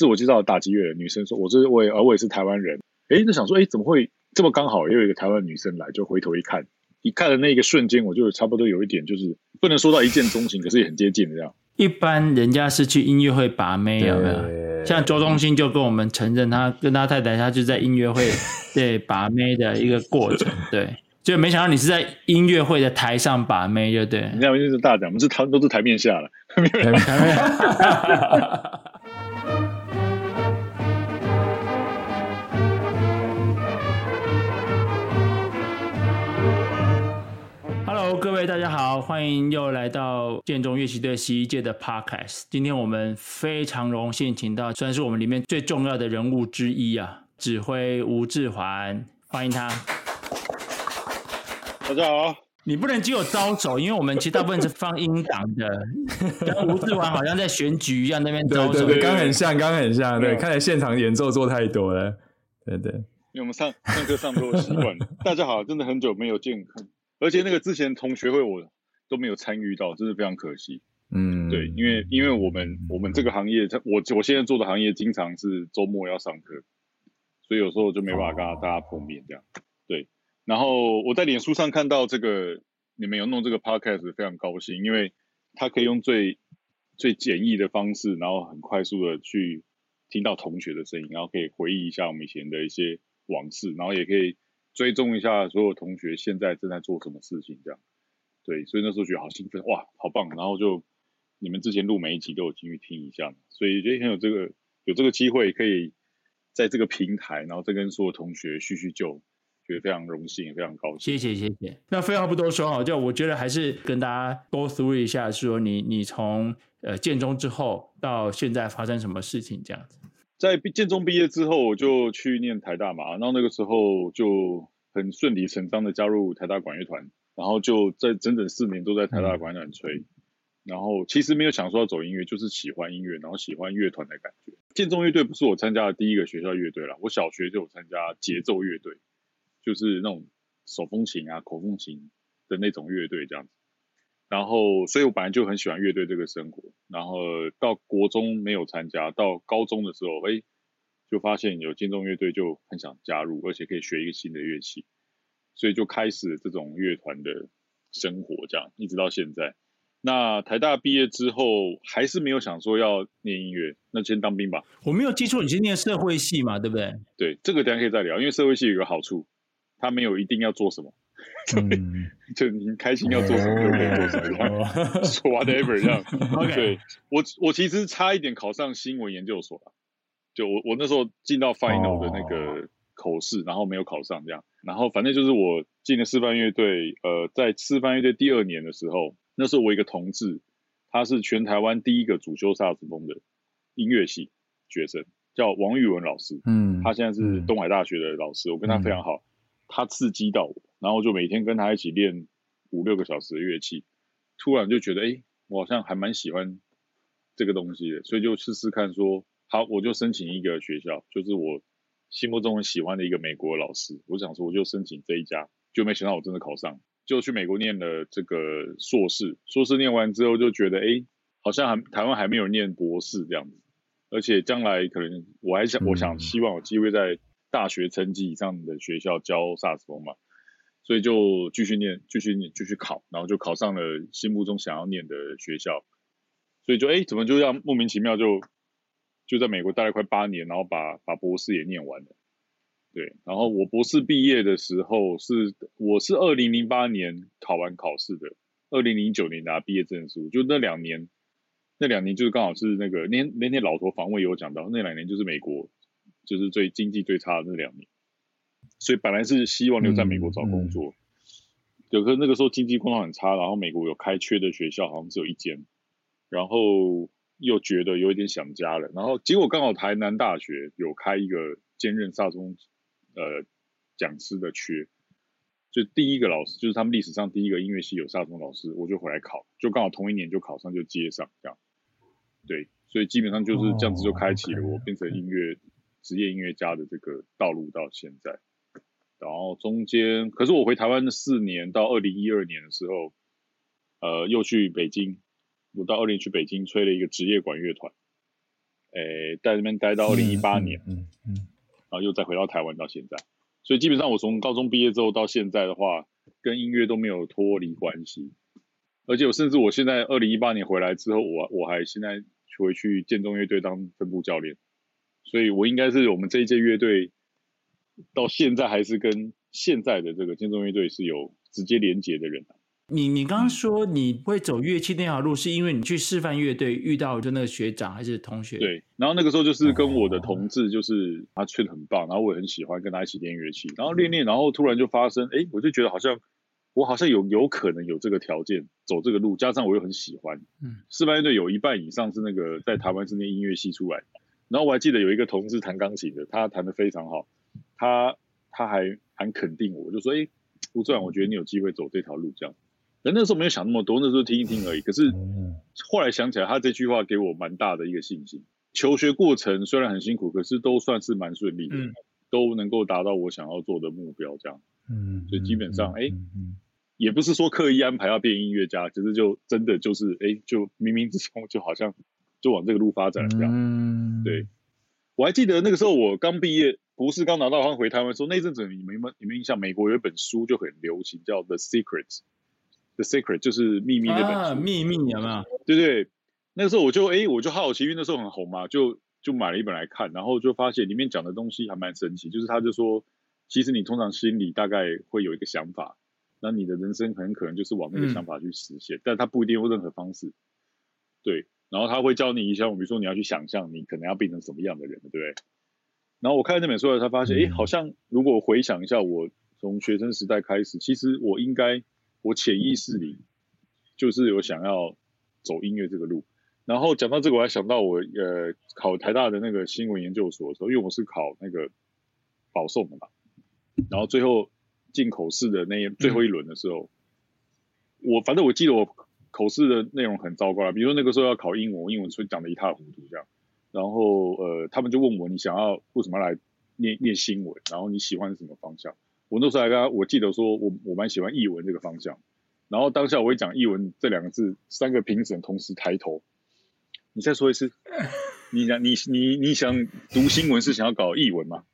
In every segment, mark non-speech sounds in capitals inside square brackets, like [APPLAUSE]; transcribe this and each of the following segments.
自我介紹打擊樂的女生說：“我是我也，而我也是台灣人。欸”哎，一直想說，哎、欸，怎麼會這麼剛好？又有一個台灣女生來，就回頭一看，一看的那個瞬間，我就差不多有一點，就是不能說到一見鍾情，可是也很接近這樣。一般人家是去音樂會把妹，有沒有？對像周中心就跟我們承認他，他跟他太太，他就在音樂會 [LAUGHS] 對把妹的一個過程。的對，就沒想到你是在音樂會的台上把妹，就對你那邊是大獎，我們是台都是面台面下了。台面。各位大家好，歡迎又來到建中樂旗隊十一屆的 Podcast。今天我們非常榮幸請到，算是我們裡面最重要的人物之一啊，指揮吳志桓，歡迎他。大家好，你不能只有招手，因為我們其實大部分是放音檔的。剛 [LAUGHS] 吳志桓好像在選舉一樣，那邊招手，對對對，對剛，剛很像，剛剛很像。對，對對看來現場演奏做太多了，對對。因為我們上上課上多了習慣。 [LAUGHS] 大家好，真的很久沒有見。而且那個之前同學會我都沒有參與到，真是非常可惜。嗯，對，因為因為我們我們這個行業，我我現在做的行業經常是周末要上課，所以有時候就沒辦法跟大家碰面這樣。對，然後我在臉書上看到這個你們有弄這個 podcast，非常高興，因為他可以用最最簡易的方式，然後很快速的去聽到同學的聲音，然後可以回憶一下我們以前的一些往事，然後也可以。追蹤一下所有同學現在正在做什麼事情。這樣，對，所以那時候覺得好興奮，哇，好棒，然後就你們之前錄每一集都有機會聽一下，所以覺得很有這個有這個機會可以在這個平台，然後再跟所有同學敘敘舊，覺得非常榮幸，也非常高興。謝謝，謝謝。那廢話不多說哈，就我覺得還是跟大家 go through 一下，是說你你從呃建中之後到現在發生什麼事情這樣子。在建中畢業之後，我就去念台大嘛，然後那個時候就很順理成章的加入台大管樂團，然後就在整整四年都在台大管樂團吹，嗯、然後其實沒有想說要走音樂，就是喜歡音樂，然後喜歡樂團的感覺。建中樂隊不是我參加的第一個學校樂隊啦，我小學就有參加節奏樂隊，就是那種手風琴啊、口風琴的那種樂隊這樣子。然後，所以我本來就很喜歡樂隊這個生活。然後到國中沒有參加，到高中的時候，哎，就發現有建中樂隊，就很想加入，而且可以學一個新的樂器，所以就開始這種樂團的生活，這樣一直到現在。那台大畢業之後，還是沒有想說要念音樂，那先當兵吧。我沒有記錯，你是念社會系嘛？對不對？對，這個等下可以再聊，因為社會系有個好處，它沒有一定要做什麼。 [LAUGHS] 對，就你開心要做什麼就可以做什麼，啊 [LAUGHS] [LAUGHS] so，whatever 這樣。 [LAUGHS] 對，我我其實差一點考上新聞研究所，了，就我我那時候進到 final 的那個口試，oh. 然後沒有考上這樣。然後反正就是我進了示範樂隊，呃，在示範樂隊第二年的時候，那時候我一個同志，他是全台灣第一個主修薩克斯風的音樂系學生，叫王玉文老師。嗯， [NOISE] 他現在是東海大學的老師， [NOISE] 我跟他非常好。他刺激到我，然後就每天跟他一起練五六個小時的樂器，突然就覺得哎、欸，我好像還蠻喜歡這個東西的，所以就試試看說，好，我就申請一個學校，就是我心目中很喜歡的一個美國的老師，我想說我就申請這一家，就沒想到我真的考上，就去美國念了這個碩士，碩士念完之後就覺得哎、欸，好像還台灣還沒有念博士這樣子，而且將來可能我還想，我想，我想希望有機會在，大學層級以上的學校教 Saxophone 嘛，所以就繼續念，繼續念，繼續考，然後就考上了心目中想要念的學校，所以就哎、欸，怎麼就這樣莫名其妙就就在美國待了快八年，然後把把博士也念完了，對，然後我博士畢業的時候是我是二零零八年考完考試的，二零零九年拿畢業證書，就那兩年，那兩年就是剛好是那個那那天老頭防衛有講到，那兩年就是美國。就是最經濟最差的那兩年，所以本來是希望留在美國找工作，嗯，嗯，可是那個時候經濟狀況很差，然後美國有開缺的學校好像只有一間，然後又覺得有一點想家了，然後結果剛好台南大學有開一個兼任薩松呃講師的缺，就第一個老師就是他們歷史上第一個音樂系有薩松老師，我就回來考，就剛好同一年就考上就接上這樣，對，所以基本上就是這樣子就開啟了我變成音樂。職業音樂家的這個道路到現在，然後中間，可是我回台灣的四年到二零一二年的時候，呃，又去北京，我到二零去北京吹了一個職業管樂團，哎、欸，待在那邊待到二零一八年，嗯，嗯，嗯，嗯，然後又再回到台灣到現在，所以基本上我從高中畢業之後到現在的話，跟音樂都沒有脫離關係，而且我甚至我現在二零一八年回來之後，我我還現在回去建中樂隊當分部教練。所以，我應該是我們這一屆樂隊到現在還是跟現在的這個建中樂隊是有直接連結的人。你你剛剛說你會走樂器那條路，是因為你去示範樂隊遇到的就那個學長還是同學？對。然後那個時候就是跟我的同志，就是他吹的很棒，okay, okay. 然後我也很喜歡跟他一起練樂器。然後練練，然後突然就發生，哎，我就覺得好像我好像有有可能有這個條件走這個路，加上我又很喜歡。嗯。示範樂隊有一半以上是那個在台灣是那音樂系出來的。然後我還記得有一個同事彈鋼琴的，他彈得非常好，他他還很肯定我，就說：“誒，吳志桓，我覺得你有機會走這條路這樣。”可那時候沒有想那麼多，那時候聽一聽而已。可是後來想起來，他這句話給我蠻大的一個信心。求學過程雖然很辛苦，可是都算是蠻順利的，嗯，都能夠達到我想要做的目標這樣。嗯，所以基本上，誒，嗯，也不是說刻意安排要變音樂家，其實就真的就是，誒，就冥冥之中就好像。就往這個路發展，這樣。嗯、對，我還記得那個時候，我剛畢業，博士剛拿到，剛回台灣，說那陣子你沒你們印象？美國有一本書就很流行，叫《The Secret》，《The Secret》就是秘密的本。秘密的嘛對不對，對。那個時候我就哎、欸，我就好奇，因為那時候很紅嘛，就就買了一本來看，然後就發現裡面講的東西還蠻神奇。就是他就說，其實你通常心裡大概會有一個想法，那你的人生很可能就是往那個想法去實現，嗯、但他不一定用任何方式。對。然後他會教你一下，一，我比如說你要去想象你可能要變成什麼樣的人，對不對？然後我看到這本書了，才發現，誒，好像如果回想一下我從學生時代開始，其實我應該，我潛意識裡就是有想要走音樂這個路。然後講到這個，我還想到我呃考台大的那個新聞研究所的時候，因為我是考那個保送的嘛，然後最後進口試的那最後一輪的時候，嗯、我反正我記得我。口試的內容很糟糕，比如說那個時候要考英文，我英文說講的一塌糊塗這樣。然後呃，他們就問我，你想要為什麼來念念新聞？然後你喜歡什麼方向？我那時候還跟他，我記得說我我蠻喜歡藝文這個方向。然後當下我會講藝文這兩個字，三個評審同時抬頭。你再說一次？你想你你你想讀新聞是想要搞藝文嗎？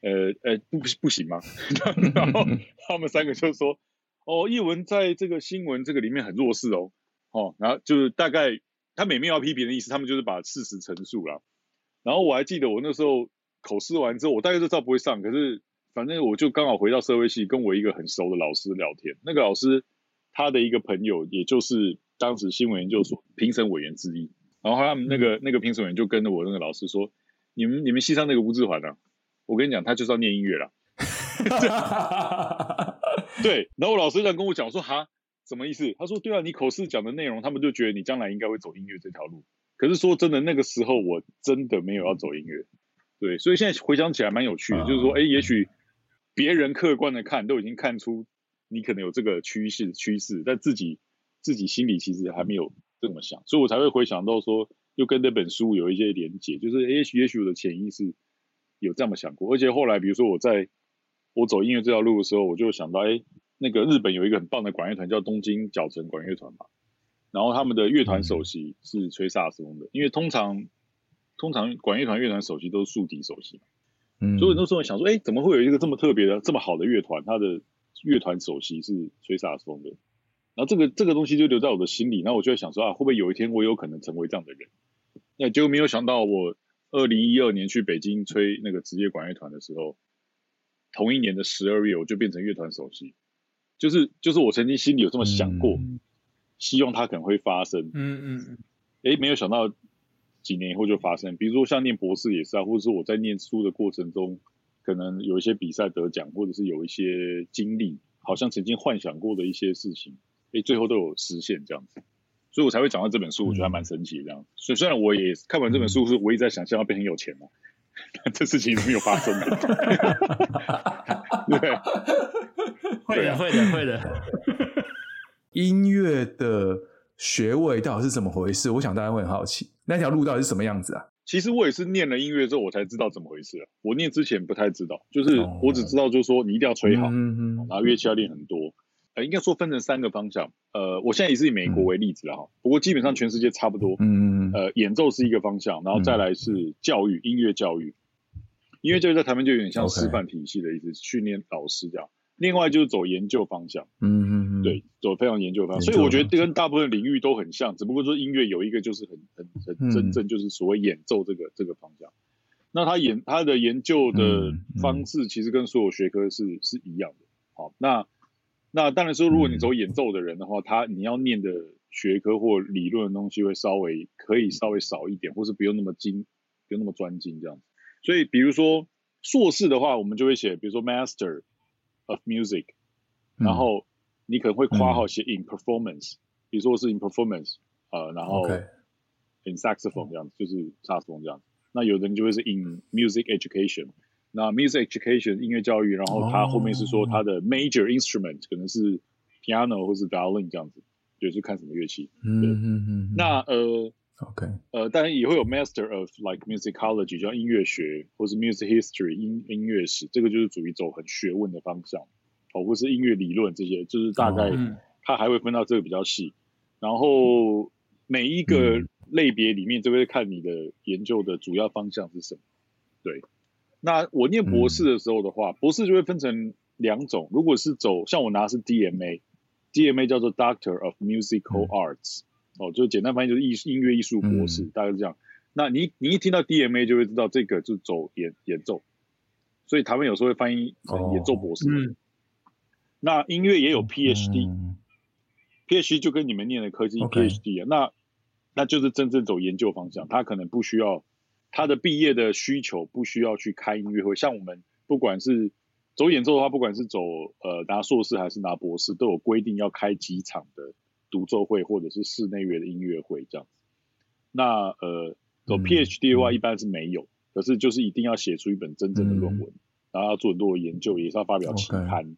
呃呃、欸，不不行嗎？ [LAUGHS] 然後他們三個就說。哦，藝文在這個新聞這個裡面很弱勢哦，哦，然後就是大概他每面要批評的意思，他們就是把事實陳述了。然後我還記得我那時候口試完之後，我大概都知道不會上，可是反正我就剛好回到社會系，跟我一個很熟的老師聊天。那個老師他的一個朋友，也就是當時新聞研究所評審委員之一。然後他們那個、嗯、那個評審委員就跟着我那個老師說：“你們你們系上那個吳志桓啊，我跟你講，他就是要念音樂了。” [LAUGHS] [LAUGHS] 對，然後老師在跟我講我說，哈，什麼意思？他說，對啊，你口試講的內容，他們就覺得你將來應該會走音樂這條路。可是說真的，那個時候我真的沒有要走音樂。對，所以現在回想起來蠻有趣的，就是說，哎，也許別人客觀的看都已經看出你可能有這個趨勢趨勢，但自己自己心裡其實還沒有這麼想，所以我才會回想到說，又跟那本書有一些連結，就是，哎，也許也許我的潛意識有這麼想過，而且後來比如說我在。我走音樂這條路的時候，我就想到，哎、欸，那個日本有一個很棒的管樂團，叫東京角城管樂團嘛。然後他們的樂團首席是吹薩斯風的，嗯、因為通常通常管樂團樂團首席都是豎笛首席嘛。嗯、所以那時候想說，哎、欸，怎麼會有一個這麼特別的、這麼好的樂團，他的樂團首席是吹薩斯風的？然後這個這個東西就留在我的心裡。然後我就在想說啊，會不會有一天我有可能成為這樣的人？那就沒有想到，我二零一二年去北京吹那個職業管樂團的時候。同一年的十二月，我就變成樂團首席，就是就是我曾經心裡有這麼想過，嗯、希望它可能會發生，嗯嗯嗯、欸，沒有想到幾年以後就發生。嗯、比如說像念博士也是啊，或者是我在念書的過程中，可能有一些比賽得獎，或者是有一些經歷，好像曾經幻想過的一些事情，誒、欸、最後都有實現這樣子，所以我才會講到這本書，我覺得還蠻神奇這樣子。所以雖然我也看完這本書是，是我一直在想像要變很有錢嘛。這事情是沒有發生的。 [LAUGHS] [LAUGHS] 對，會的，會的，會的。音樂的學位到底是怎麼回事？我想大家會很好奇，那條路到底是什麼樣子啊？其實我也是念了音樂之後，我才知道怎麼回事啊，我念之前不太知道，就是我只知道，就是說你一定要吹好，然後樂器要練很多。呃，應該說分成三個方向。呃，我現在也是以美國為例子了，不過基本上全世界差不多。嗯嗯嗯。呃，演奏是一個方向，然後再來是教育，音樂教育，音樂教育在台灣就有點像師範體系的意思，訓練老師這樣。另外就是走研究方向。嗯嗯嗯。對，走非常研究方向。所以我覺得這跟大部分領域都很像，只不過說音樂有一個就是很很很真正就是所謂演奏這個這個方向。那他演他的研究的方式其實跟所有學科是是一樣的。好，那。那當然說，如果你走演奏的人的話，嗯、他你要念的學科或理論的東西會稍微可以稍微少一點，嗯、或是不用那麼精，不用那麼專精這樣子。所以，比如說碩士的話，我們就會寫，比如說 Master of Music，然後你可能會括號寫 In Performance，、嗯、比如說我是 In Performance，、嗯、呃，然後 In Saxophone 這樣子，嗯、就是 Saxophone。這樣子。那有的人就會是 In Music Education。那 music education 音樂教育，然後它後面是說它的 major instrument、oh, 可能是 piano 或是 violin 這樣子，就是看什麼樂器。嗯嗯嗯。對嗯那呃，OK，、嗯、呃，當然 Okay.、呃、也會有 master of like musicology，叫音樂學，或是 music history 音音樂史，這個就是屬於走很學問的方向，哦，或是音樂理論這些，就是大概它還會分到這個比較細。Oh, 嗯、然後每一個類別裡面，這個是、嗯、看你的研究的主要方向是什麼，對。那我念博士的時候的話，嗯、博士就會分成兩種。如果是走像我拿的是 DMA，DMA 叫做 Doctor of Musical Arts，、嗯、哦，就簡單翻譯就是藝音樂藝術博士，嗯、大概是這樣。那你你一聽到 DMA 就會知道這個就走演演奏，所以他們有時候會翻譯成演奏博士。哦嗯、那音樂也有 PhD，PhD、嗯、就跟你們念的科技 PhD 啊，Okay 那那就是真正走研究方向，他可能不需要。他的畢業的需求不需要去開音樂會，像我們不管是走演奏的話，不管是走呃拿碩士還是拿博士，都有規定要開幾場的獨奏會或者是室內樂的音樂會這樣子。那呃走 PhD 的話一般是沒有，嗯、可是就是一定要寫出一本真正的論文，嗯、然後要做很多的研究，也是要發表期刊，Okay.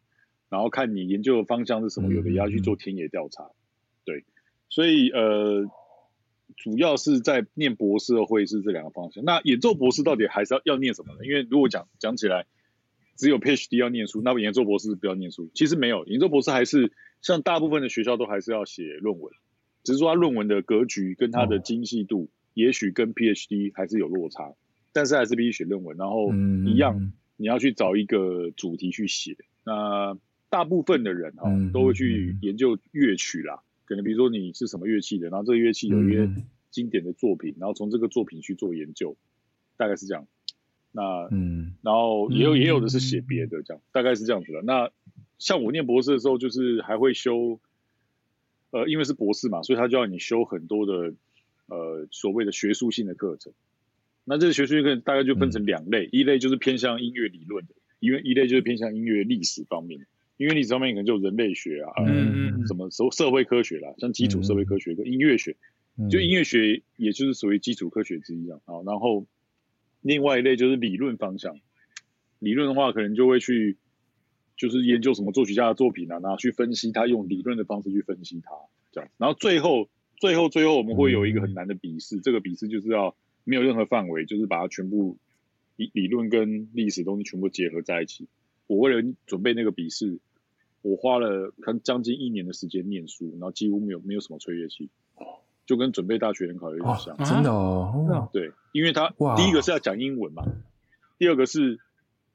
然後看你研究的方向是什麼，有的也要去做田野調查，嗯、對，所以呃。主要是在念博士的會是這兩個方向。那演奏博士到底還是要要念什麼呢？因為如果講講起來，只有 PhD 要念書，那不演奏博士不要念書。其實沒有，演奏博士還是像大部分的學校都還是要寫論文，只是說他論文的格局跟他的精細度，也許跟 PhD 還是有落差，嗯，但是還是必須寫論文。然後一樣，你要去找一個主題去寫。那大部分的人哈，都會去研究樂曲啦。可能比如說你是什麼樂器的，然後這個樂器有一些經典的作品，嗯、然後從這個作品去做研究，大概是這樣。那嗯，然後也有、嗯、也有的是寫別的這樣，大概是這樣子的。那像我念博士的時候，就是還會修，呃，因為是博士嘛，所以他就要你修很多的呃所謂的學術性的課程。那這個學術性課程大概就分成兩類，嗯、一類就是偏向音樂理論的，因為一類就是偏向音樂歷史方面的。因為歷史上面可能就人類學啊，嗯，什麼社社會科學啦、啊，嗯、像基礎社會科學跟音樂學，嗯、就音樂學也就是屬於基礎科學之一樣啊。然後另外一類就是理論方向，理論的話可能就會去就是研究什麼作曲家的作品啊、然後去分析他用理論的方式去分析它這樣。然後最後最後最後我們會有一個很難的筆試，嗯、這個筆試就是要沒有任何範圍，就是把它全部理理論跟歷史東西全部結合在一起。我為了準備那個筆試。我花了可能將近一年的時間念書，然後幾乎沒有沒有什麼吹樂器，就跟準備大學聯考有點像、哦，真的哦，嗯、對，因為他第一個是要講英文嘛，哇第二個是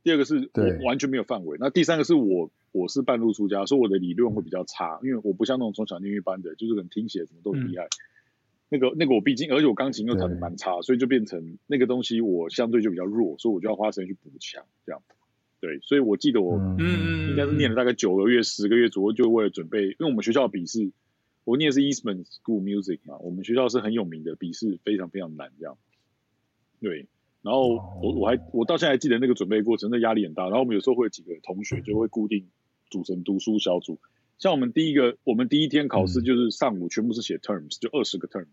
第二個是我完全沒有範圍，對那第三個是我我是半路出家，所以我的理論會比較差，因為我不像那種從小念樂班的，就是可能聽寫什麼都很厲害，嗯、那個那個我畢竟而且我鋼琴又彈得蠻差，對所以就變成那個東西我相對就比較弱，所以我就要花時間去補強這樣。對，所以我記得我嗯應該是念了大概九個月十個月左右，就為了準備，因為我們學校的筆試，我念的是 Eastman School Music 嘛，我們學校是很有名的，筆試非常非常難，這樣。對，然後我我還我到現在還記得那個準備過程，那壓力很大。然後我們有時候會有幾個同學就會固定組成讀書小組，像我們第一個，我們第一天考試就是上午全部是寫 terms，嗯，就二十個 terms，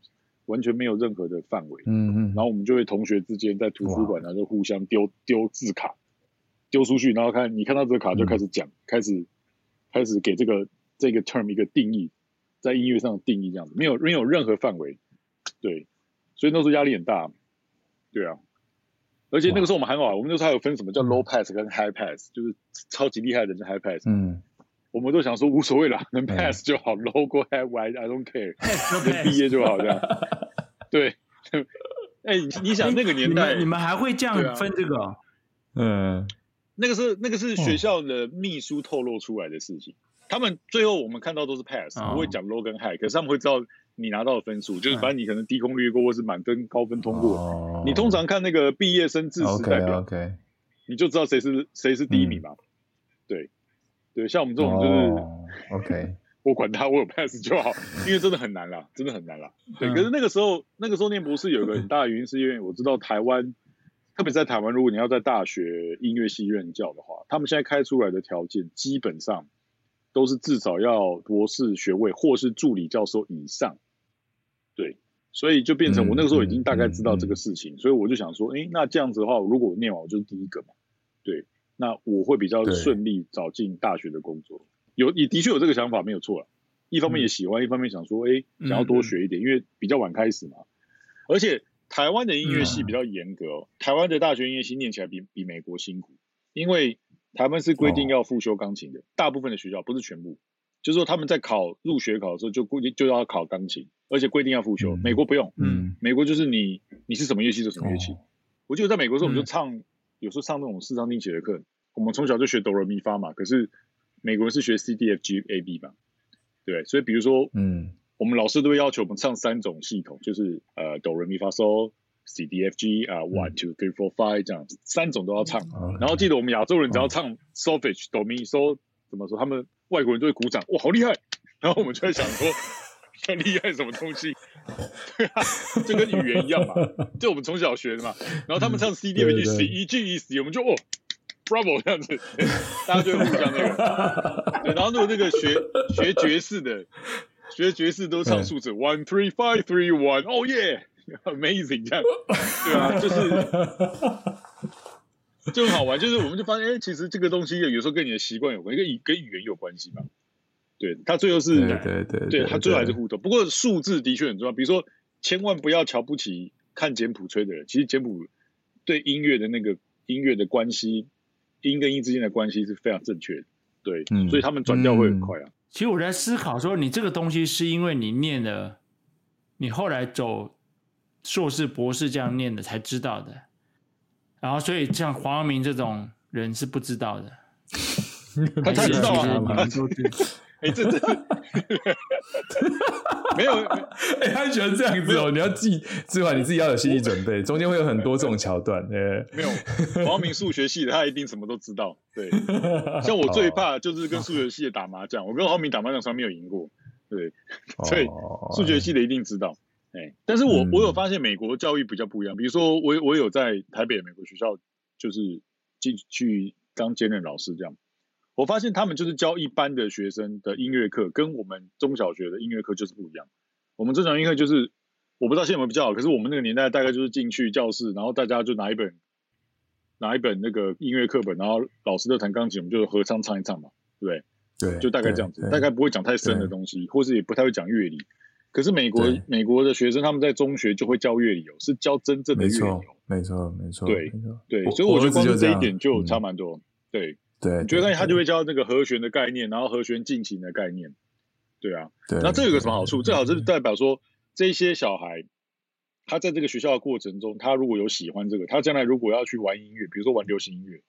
完全沒有任何的範圍。嗯嗯。然後我們就會同學之間在圖書館，那就互相丟哇丟，丟字卡。丟出去，然後看你看到這個卡就開始講，開始開始給這個這個 term 一個定義，在音樂上定義，這樣子，沒有沒有任何範圍，對，所以那時候壓力很大，對啊，而且那個時候我們還好，我們那時候還有分什麼叫 low pass 跟 high pass，就是超級厲害的人的 high pass，嗯，我們都想說無所謂了，能 pass 就好，low go high，I don't care，能畢業就好，這樣，對，哎，你想那個年代，你們還會這樣分這個？嗯。那個是那個是學校的秘書透露出來的事情。他們最後我們看到都是 pass，不會講 low 跟 high，可是他們會知道你拿到的分數，就是反正你可能低空掠過，或是滿分高分通過。你通常看那個畢業生致詞代表，你就知道誰是誰是第一名嘛。對，對，像我們這種就是 OK，我管他，我有 pass 就好，因為真的很難啦，真的很難啦。對，可是那個時候，那個時候念博士有一個很大的原因，是因為我知道台灣。特別在台灣，如果你要在大學音樂系任教的話，他們現在開出來的條件基本上都是至少要博士學位或是助理教授以上。對，所以就變成我那個時候已經大概知道這個事情，嗯嗯嗯嗯、所以我就想說，哎、欸，那這樣子的話，如果我念完，我就是第一個嘛。對，那我會比較順利找進大學的工作。對有，也的確有這個想法，沒有錯啦。一方面也喜歡，嗯、一方面想說，哎、欸，想要多學一點，嗯嗯、因為比較晚開始嘛，而且。台灣的音樂系比較嚴格哦，嗯、台灣的大學音樂系念起來比比美國辛苦，因為台灣是規定要複修鋼琴的，哦、大部分的學校不是全部，就是說他們在考入學考的時候就規定就要考鋼琴，而且規定要複修。嗯、美國不用，嗯，美國就是你你是什麼樂器就什麼樂器。哦、我記得在美國的時候，我們就唱，嗯、有時候上那種視唱聽寫課，我們從小就學哆來咪發嘛，可是美國是學 C D F G A B 嘛，對，所以比如說，嗯。我們老師都會要求我們唱三種系統，就是呃哆來咪發嗦、C D F G 啊，one two three four five 這樣子三種都要唱。Okay. 然後記得我們亞洲人只要唱 solfege 哆咪嗦，怎麼說？他們外國人就會鼓掌，哇，好厲害！然後我們就會想說，很 [LAUGHS] 厲害什麼東西？對啊，就跟語言一樣嘛，就我們從小學的嘛。然後他們唱 C D F G, [LAUGHS] C、E、G、E、C, 我們就哦 [LAUGHS] ，bravo 這樣子，大家就會互相那個。 [LAUGHS] 然後如果那個學 [LAUGHS] 學爵士的，學爵士都唱數字 one three five three one，哦耶，amazing，這樣， [LAUGHS] 對啊，就是就好玩，就是我們就發現，哎，其實這個東西有,有時候跟你的習慣有關，跟語跟語言有關係嘛。對他最後是，對對對，對他最後還是互動。不過數字的確很重要，比如說千萬不要瞧不起看簡譜吹的人，其實簡譜對音樂的那個音樂的關係，音跟音之間的關係是非常正確的，對，嗯，所以他們轉調會很快啊。嗯其實我在思考說，你這個東西是因為你念的，你後來走碩士、博士這樣念的才知道的，然後所以像黃明這種人是不知道的， [LAUGHS] 他知道嘛、啊。 [LAUGHS] [LAUGHS] 哎，這這沒有，哎，他喜歡這樣子哦。你要記，志桓你自己要有心理準備，中間會有很多這種橋段。哎，沒有，王明數學系的，他一定什麼都知道。對，像我最怕就是跟數學系的打麻將，我跟王明打麻將從來沒有贏過。對，所以數學系的一定知道。哎，但是我我有發現美國教育比較不一樣，比如說我我有在台北的美國學校，就是進去當兼任老師這樣。我發現他們就是教一般的學生的音樂課，跟我們中小學的音樂課就是不一樣。我們中小學音樂就是，我不知道現在有沒有比較好，可是我們那個年代大概就是進去教室，然後大家就拿一本拿一本那個音樂課本，然後老師在彈鋼琴，我們就合唱唱一唱嘛，對不對？對，就大概這樣子，大概不會講太深的東西，對或是也不太會講樂理。對可是美國對美國的學生他們在中學就會教樂理哦，哦是教真正的樂理、哦沒，沒錯，沒錯，沒錯，對我所以我覺得光是這一點就差蠻多，嗯、對。對，對，你覺得他就會教那個和弦的概念，然後和弦進行的概念，對啊，對，對。那這有個什麼好處？最好是代表說這些小孩，他在這個學校的過程中，他如果有喜歡這個，他將來如果要去玩音樂，比如說玩流行音樂，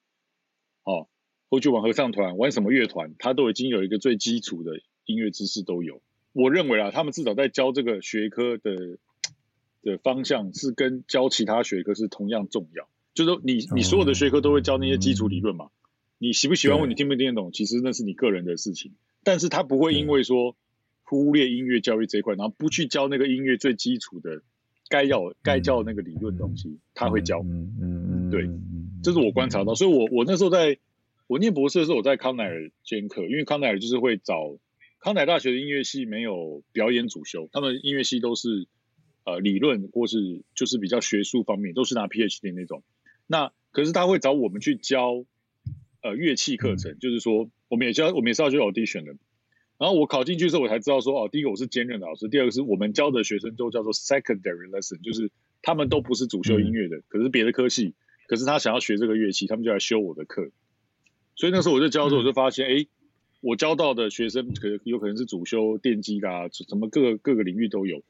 好、哦，或者玩合唱團，玩什麼樂團，他都已經有一個最基礎的音樂知識都有。我認為啊，他們至少在教這個學科的的方向是跟教其他學科是同樣重要。就是說你，你所有的學科都會教那些基礎理論嘛？嗯嗯你喜不喜歡，問你聽不聽得懂？對其實那是你個人的事情。但是他不會因為說忽略音樂教育這一塊，對然後不去教那個音樂最基礎的該要、該教的那個理論東西，他會教。嗯嗯，對，這是我觀察到。所以我，我我那時候在我念博士的時候，我在康乃爾兼課，因為康乃爾就是會找康乃爾大學的音樂系沒有表演主修，他們音樂系都是呃理論或是就是比較學術方面，都是拿 PhD 那種。那可是他會找我們去教。呃，樂器課程、嗯、就是說，我們也教，我們也是要去 audition 的。然後我考進去之後，我才知道說，哦、啊，第一個我是兼任老師，第二個是我們教的學生都叫做 secondary lesson，就是他們都不是主修音樂的，可是，是別的科系，嗯、可是他想要學這個樂器，他們就來修我的課。所以那時候我就教的時候，我就發現，哎、嗯，我教到的學生，可能有可能是主修電機啊，什麼各各個領域都有，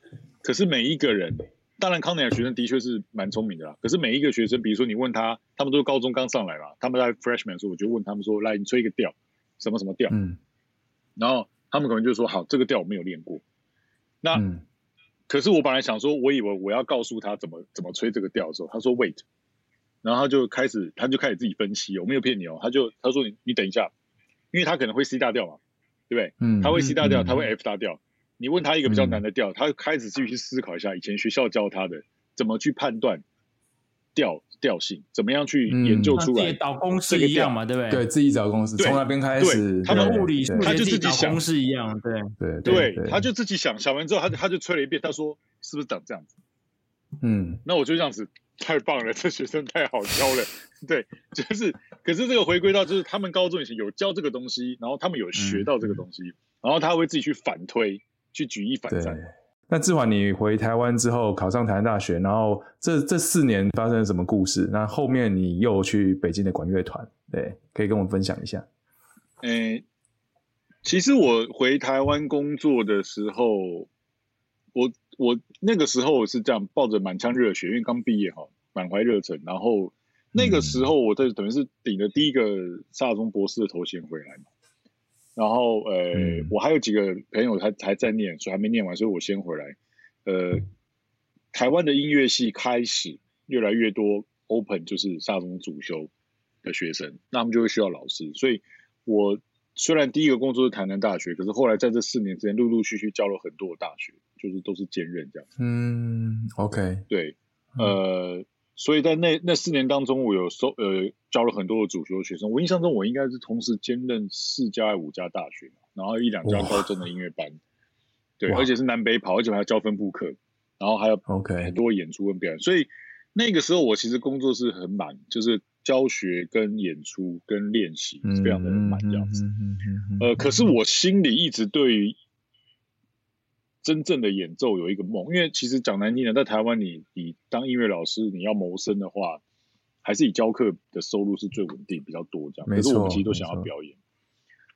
可是每一個人。當然，康奈爾學生的確是蠻聰明的啦。可是每一個學生，比如說你問他，他們都是高中剛上來啦，他們在 freshman 的時候，我就問他們說：“來，你吹一個調，什麼什麼調？”嗯。然後他們可能就說：“好，這個調我沒有練過。”那，嗯、可是我本來想說，我以為我要告訴他怎麼怎麼吹這個調的時候，他說：“Wait。”然後他就開始，他就開始自己分析。我沒有騙你哦，他就他，就他就說你：“你你等一下，因為他可能會 C 大調嘛，對不對？嗯嗯嗯他會 C 大調，他會 F 大調。”你問他一個比較難的調，嗯、他就開始自己去思考一下以前學校教他的怎麼去判斷調調性，怎麼樣去研究出來？嗯、自己導公式一樣嘛，對不對？對，對自己找公式，從那邊開始。他們物理他就自己想，自己想一樣，對對對，對，他就自己想，想完之後他，他就他就吹了一遍，他說是不是長這樣子？嗯，那我就這樣子，太棒了，這學生太好教了。 [LAUGHS] 對，就是，可是這個回歸到就是他們高中以前有教這個東西，然後他們有學到這個東西，嗯、然後他會自己去反推。去舉一反三。那志桓，你回台灣之後考上台灣大學，然後這這四年發生了什麼故事？那後，後面你又去北京的管樂團，對，可以跟我們分享一下。嗯、欸，其實我回台灣工作的時候，我我那個時候是這樣抱着滿腔熱血，因為剛畢業哈，滿懷熱忱。然後那個時候我在等於是頂着第一個薩中博士的頭銜回來嘛。然後，呃，嗯，我還有幾個朋友還還在念，所以還沒念完，所以我先回來。呃，台灣的音樂系開始越來越多 open，就是薩風主修的學生，那他們就會需要老師。所以我，我雖然第一個工作是台南大學，可是後來在這四年之間，陸陸續續教了很多大學，就是都是兼任這樣。嗯，OK，對，呃。嗯所以在那那四年當中，我有收呃，教了很多的主修學生。我印象中，我應該是同時兼任四家五家大學，然後一兩家高中的音樂班，哇對，哇而且是南北跑，而且還要教分部課，然後還有 OK 很多演出跟表演。Okay. 所以那個時候，我其實工作是很滿，就是教學跟演出跟練習是非常的滿樣子。呃，可是我心裡一直對於。真正的演奏有一個夢，因為其實講難聽的，在台灣你你當音樂老師，你要謀生的話，還是以教課的收入是最穩定、比較多這樣。沒錯。可是我們其實都想要表演，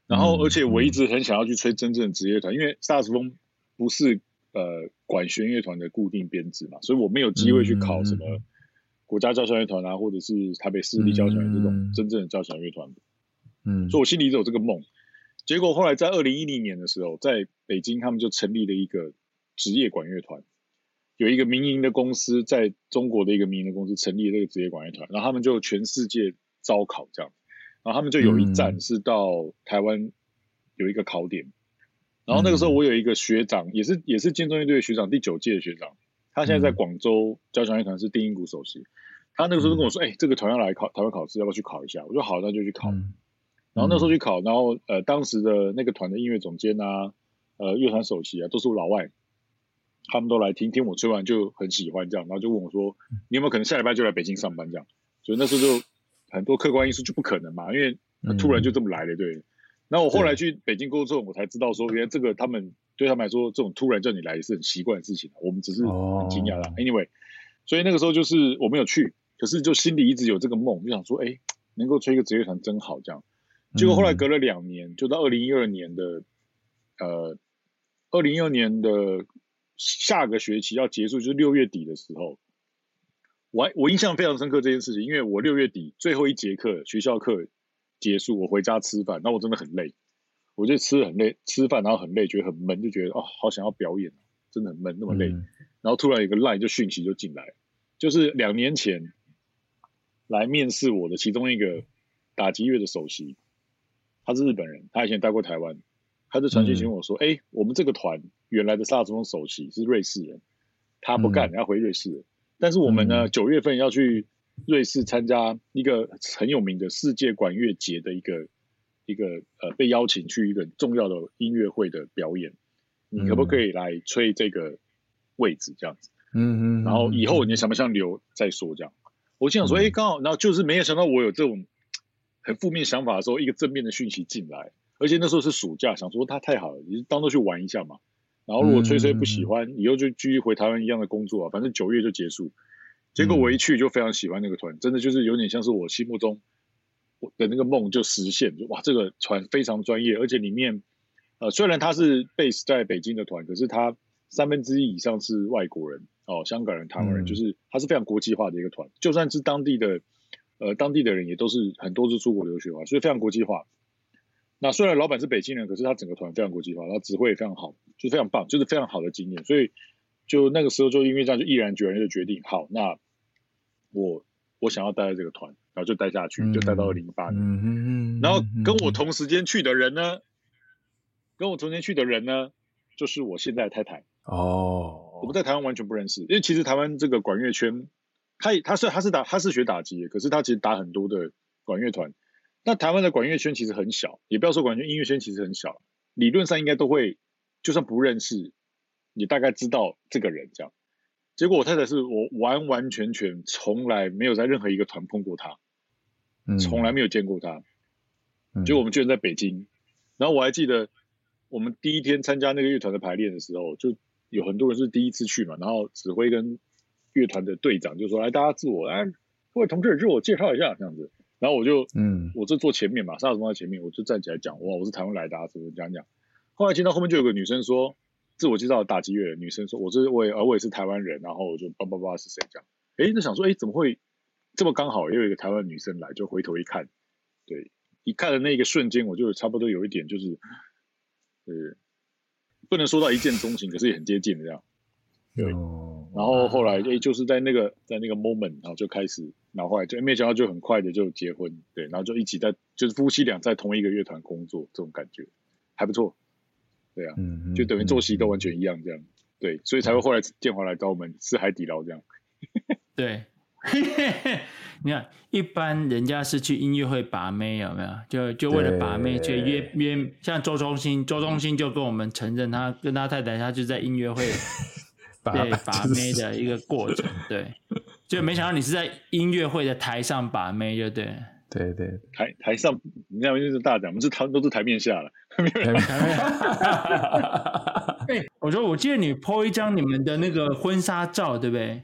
然後而且我一直很想要去吹真正的職業團，嗯嗯、因為薩斯風不是呃管弦樂團的固定編制嘛，所以我沒有機會去考什麼國家交響樂團啊，嗯嗯、或者是台北市立交響樂團這種真正的交響樂團。嗯。嗯所以我心裡只有這個夢。結果後來在二零一零年的時候，在北京他們就成立了一個職業管樂團，有一個民營的公司在中國的一個民營的公司成立了這個職業管樂團，然後他們就全世界招考這樣，然後他們就有一站是到台灣有一個考點，嗯、然後那個時候我有一個學長，也是也是建中樂隊的學長第九屆的學長，他現在在廣州交響樂團是定音鼓首席，他那個時候跟我說，嗯、哎，這個團要來考台灣考試，要不要去考一下？我說好，那就去考。嗯然後那時候去考，然後呃，當時的那個團的音樂總監吶、啊，呃，樂團首席啊，都是老外，他們都來聽聽我吹完就很喜歡這樣，然後就問我說：“嗯、你有沒有可能下禮拜就來北京上班？”這樣，所以那時候就很多客觀因素就不可能嘛，因為他突然就這麼來了，對。那、嗯、我後來去北京工作之後，我才知道說，原來對這個他們對他們來說，這種突然叫你來是很習慣的事情，我們只是很驚訝了。哦、Anyway，所以那個時候就是我沒有去，可是就心裡一直有這個夢，就想說：“哎，能夠吹一個職業團真好。”這樣。結果後來隔了兩年，嗯嗯，就到二零一二年的，呃，二零一二年的下個學期要結束，就是六月底的時候，我還我印象非常深刻這件事情，因為我六月底最後一節課學校課結束，我回家吃飯，那我真的很累，我就吃很累，吃飯然後很累，覺得很悶，就覺得哦，好想要表演，真的很悶，那麼累，嗯嗯然後突然一個 line 就訊息就進來，就是兩年前來面試我的其中一個打擊樂的首席。他是日本人，他以前待過台灣。他就傳訊訊我說，哎、嗯欸，我們這個團原來的薩克斯風首席是瑞士人，他不幹，嗯、要回瑞士了。但是我們呢，九、嗯、月份要去瑞士參加一個很有名的世界管樂節的一個一個呃，被邀請去一個重要的音樂會的表演，嗯、你可不可以來吹這個位置這樣子？嗯嗯。嗯嗯然後以後你想不想留再說這樣？我就想說，哎、嗯，剛、欸、好，然後就是沒有想到我有這種。很負面想法的時候，一個正面的訊息進來，而且那時候是暑假，想說他太好了，你就當做去玩一下嘛。然後如果吹吹不喜歡，以後就繼續回台灣一樣的工作啊，反正九月就結束。結果我一去就非常喜歡那個團，真的就是有點像是我心目中我的那個夢就實現，就哇，這個團非常專業，而且裡面呃，雖然他是 base 在北京的團，可是他三分之一以上是外國人哦，香港人、台灣人，就是它是非常國際化的一個團，就算是當地的。呃，當地的人也都是很多是出國留學嘛，所以非常國際化。那雖然老闆是北京人，可是他整個團非常國際化，然後指揮也非常好，就非常棒，就是非常好的經驗。所以就那個時候，就因為這樣，就毅然決然就決定，好，那我我想要待在這個團，然後就待下去，就待到了零八年。嗯嗯嗯嗯。然後跟我同時間去的人呢，跟我同時間去的人呢，就是我現在的太太。哦。我們在台灣完全不認識，因為其實台灣這個管樂圈。他他，他是他是打他是學打擊的，可是他其實打很多的管樂團。那台灣的管樂圈其實很小，也不要說管樂圈、音樂圈其實很小，理論上應該都會，就算不認識，也大概知道這個人這樣。結果我太太是我完完全全從來沒有在任何一個團碰過他，嗯、從來沒有見過他。嗯、就我們居然在北京，嗯、然後我還記得我們第一天參加那個樂團的排練的時候，就有很多人是第一次去嘛，然後指揮跟。樂團的隊長就說：“哎，大家自我哎，各位同志自我介紹一下這樣子。”然後我就，嗯，我就坐前面嘛，薩克斯放在前面，我就站起來講：“哇，我是台灣來的，啊，怎麼講講。”後來聽到後面就有個女生說：“自我介紹打擊樂的女生說，我也是我，而我也是台灣人。”然後我就叭叭叭是誰講哎，就想說，哎、欸，怎麼會這麼剛好又有一個台灣女生來？就回頭一看，對，一看的那個瞬間，我就差不多有一點就是，呃，不能說到一見鍾情，可是也很接近的這樣，嗯、對。然後後來、欸、就是在那個在那個 moment，然後就開始，然後後來就、欸、沒想到就很快的就結婚，對，然後就一起在就是夫妻倆在同一個樂團工作，這種感覺還不錯，對啊，嗯、就等於作息都完全一樣這樣，對，嗯、所以才會後來建華來找我們吃海底撈這樣，對， [LAUGHS] 你看一般人家是去音樂會把妹有沒有？就就為了把妹去約約，對像周中心，周中心就跟我們承認他跟他太太他就在音樂會。 [LAUGHS] 對，把妹的一個過程，對，就沒想到你是在音樂會的台上把妹，就對，對，對對，台台上人家就是大膽，我們都是都都是台面下了， [LAUGHS] 台面。我說，我記得你 PO 一張你們的那個婚紗照，對不對？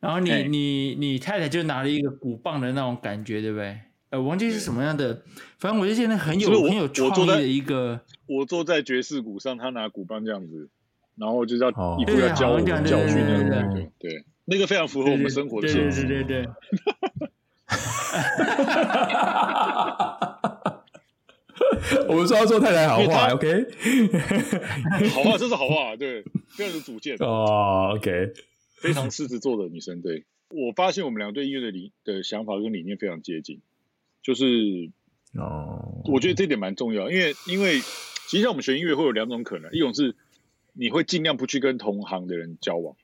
然後你、欸、你你太太就拿了一個鼓棒的那種感覺，對不對？呃，我忘記是什麼樣的，是是反正我覺得很有在很有創意的一個，我坐在爵士鼓上，他拿鼓棒這樣子。然後就是要以後要教教訓那種感覺，對，那個非常符合我們生活的現實。對對對對。哈哈哈哈哈哈哈哈哈哈哈哈！我們說要做太太好話，OK？好啊，這是好話，對，非常有主見哦，OK，非常獅子座的女生，對。我發現我們兩個對音樂的理的想法跟理念非常接近，就是，哦，我覺得這點蠻重要，因為因為其實我們學音樂會有兩種可能，一種是。你會盡量不去跟同行的人交往，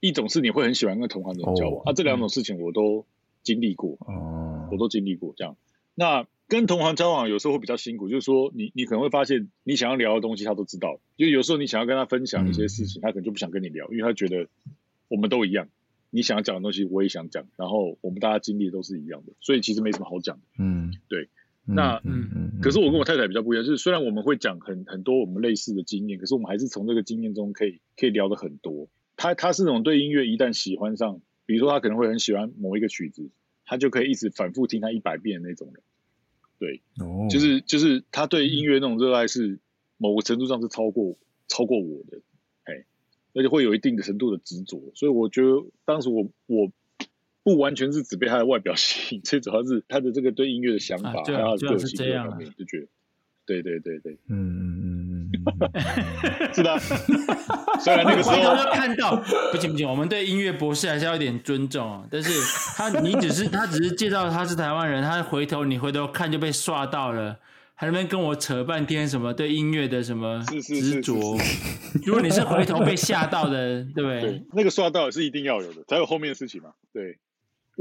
一種是你會很喜歡跟同行的人交往、oh, okay. 啊，這兩種事情我都經歷過，啊、oh. 我都經歷過。這樣，那跟同行交往有時候會比較辛苦，就是說你你可能會發現你想要聊的東西他都知道，就有時候你想要跟他分享一些事情，嗯、他可能就不想跟你聊，因為他覺得我們都一樣，你想要講的東西我也想講，然後我們大家經歷的都是一樣的，所以其實沒什麼好講的。嗯，對。那嗯嗯，可是我跟我太太比較不一樣，就是雖然我們會講很很多我們類似的經驗，可是我們還是從這個經驗中可以可以聊得很多。他他是那種對音樂一旦喜歡上，比如說他可能會很喜歡某一個曲子，他就可以一直反覆聽它一百遍的那種人。對，哦，就是就是他對音樂那種熱愛是某個程度上是超過超過我的，哎，而且會有一定的程度的執着。所以我覺得當時我我。不完全是只被他的外表吸引，最主要是他的這個對音樂的想法，還有、啊啊、個性、就是這樣了。就覺得，對對對對，嗯嗯嗯嗯，知道、 [LAUGHS] 啊。雖然 [LAUGHS] 那個回頭就看到，不行不行，我們對音樂博士還是要有點尊重啊。但是他你只是他只是介紹他是台灣人，他回頭你回頭看就被刷到了，還在那邊跟我扯半天什麼對音樂的什麼執着。如果你是回頭被嚇到的，對。對，那個刷到也是一定要有的，才有後面的事情嘛。對。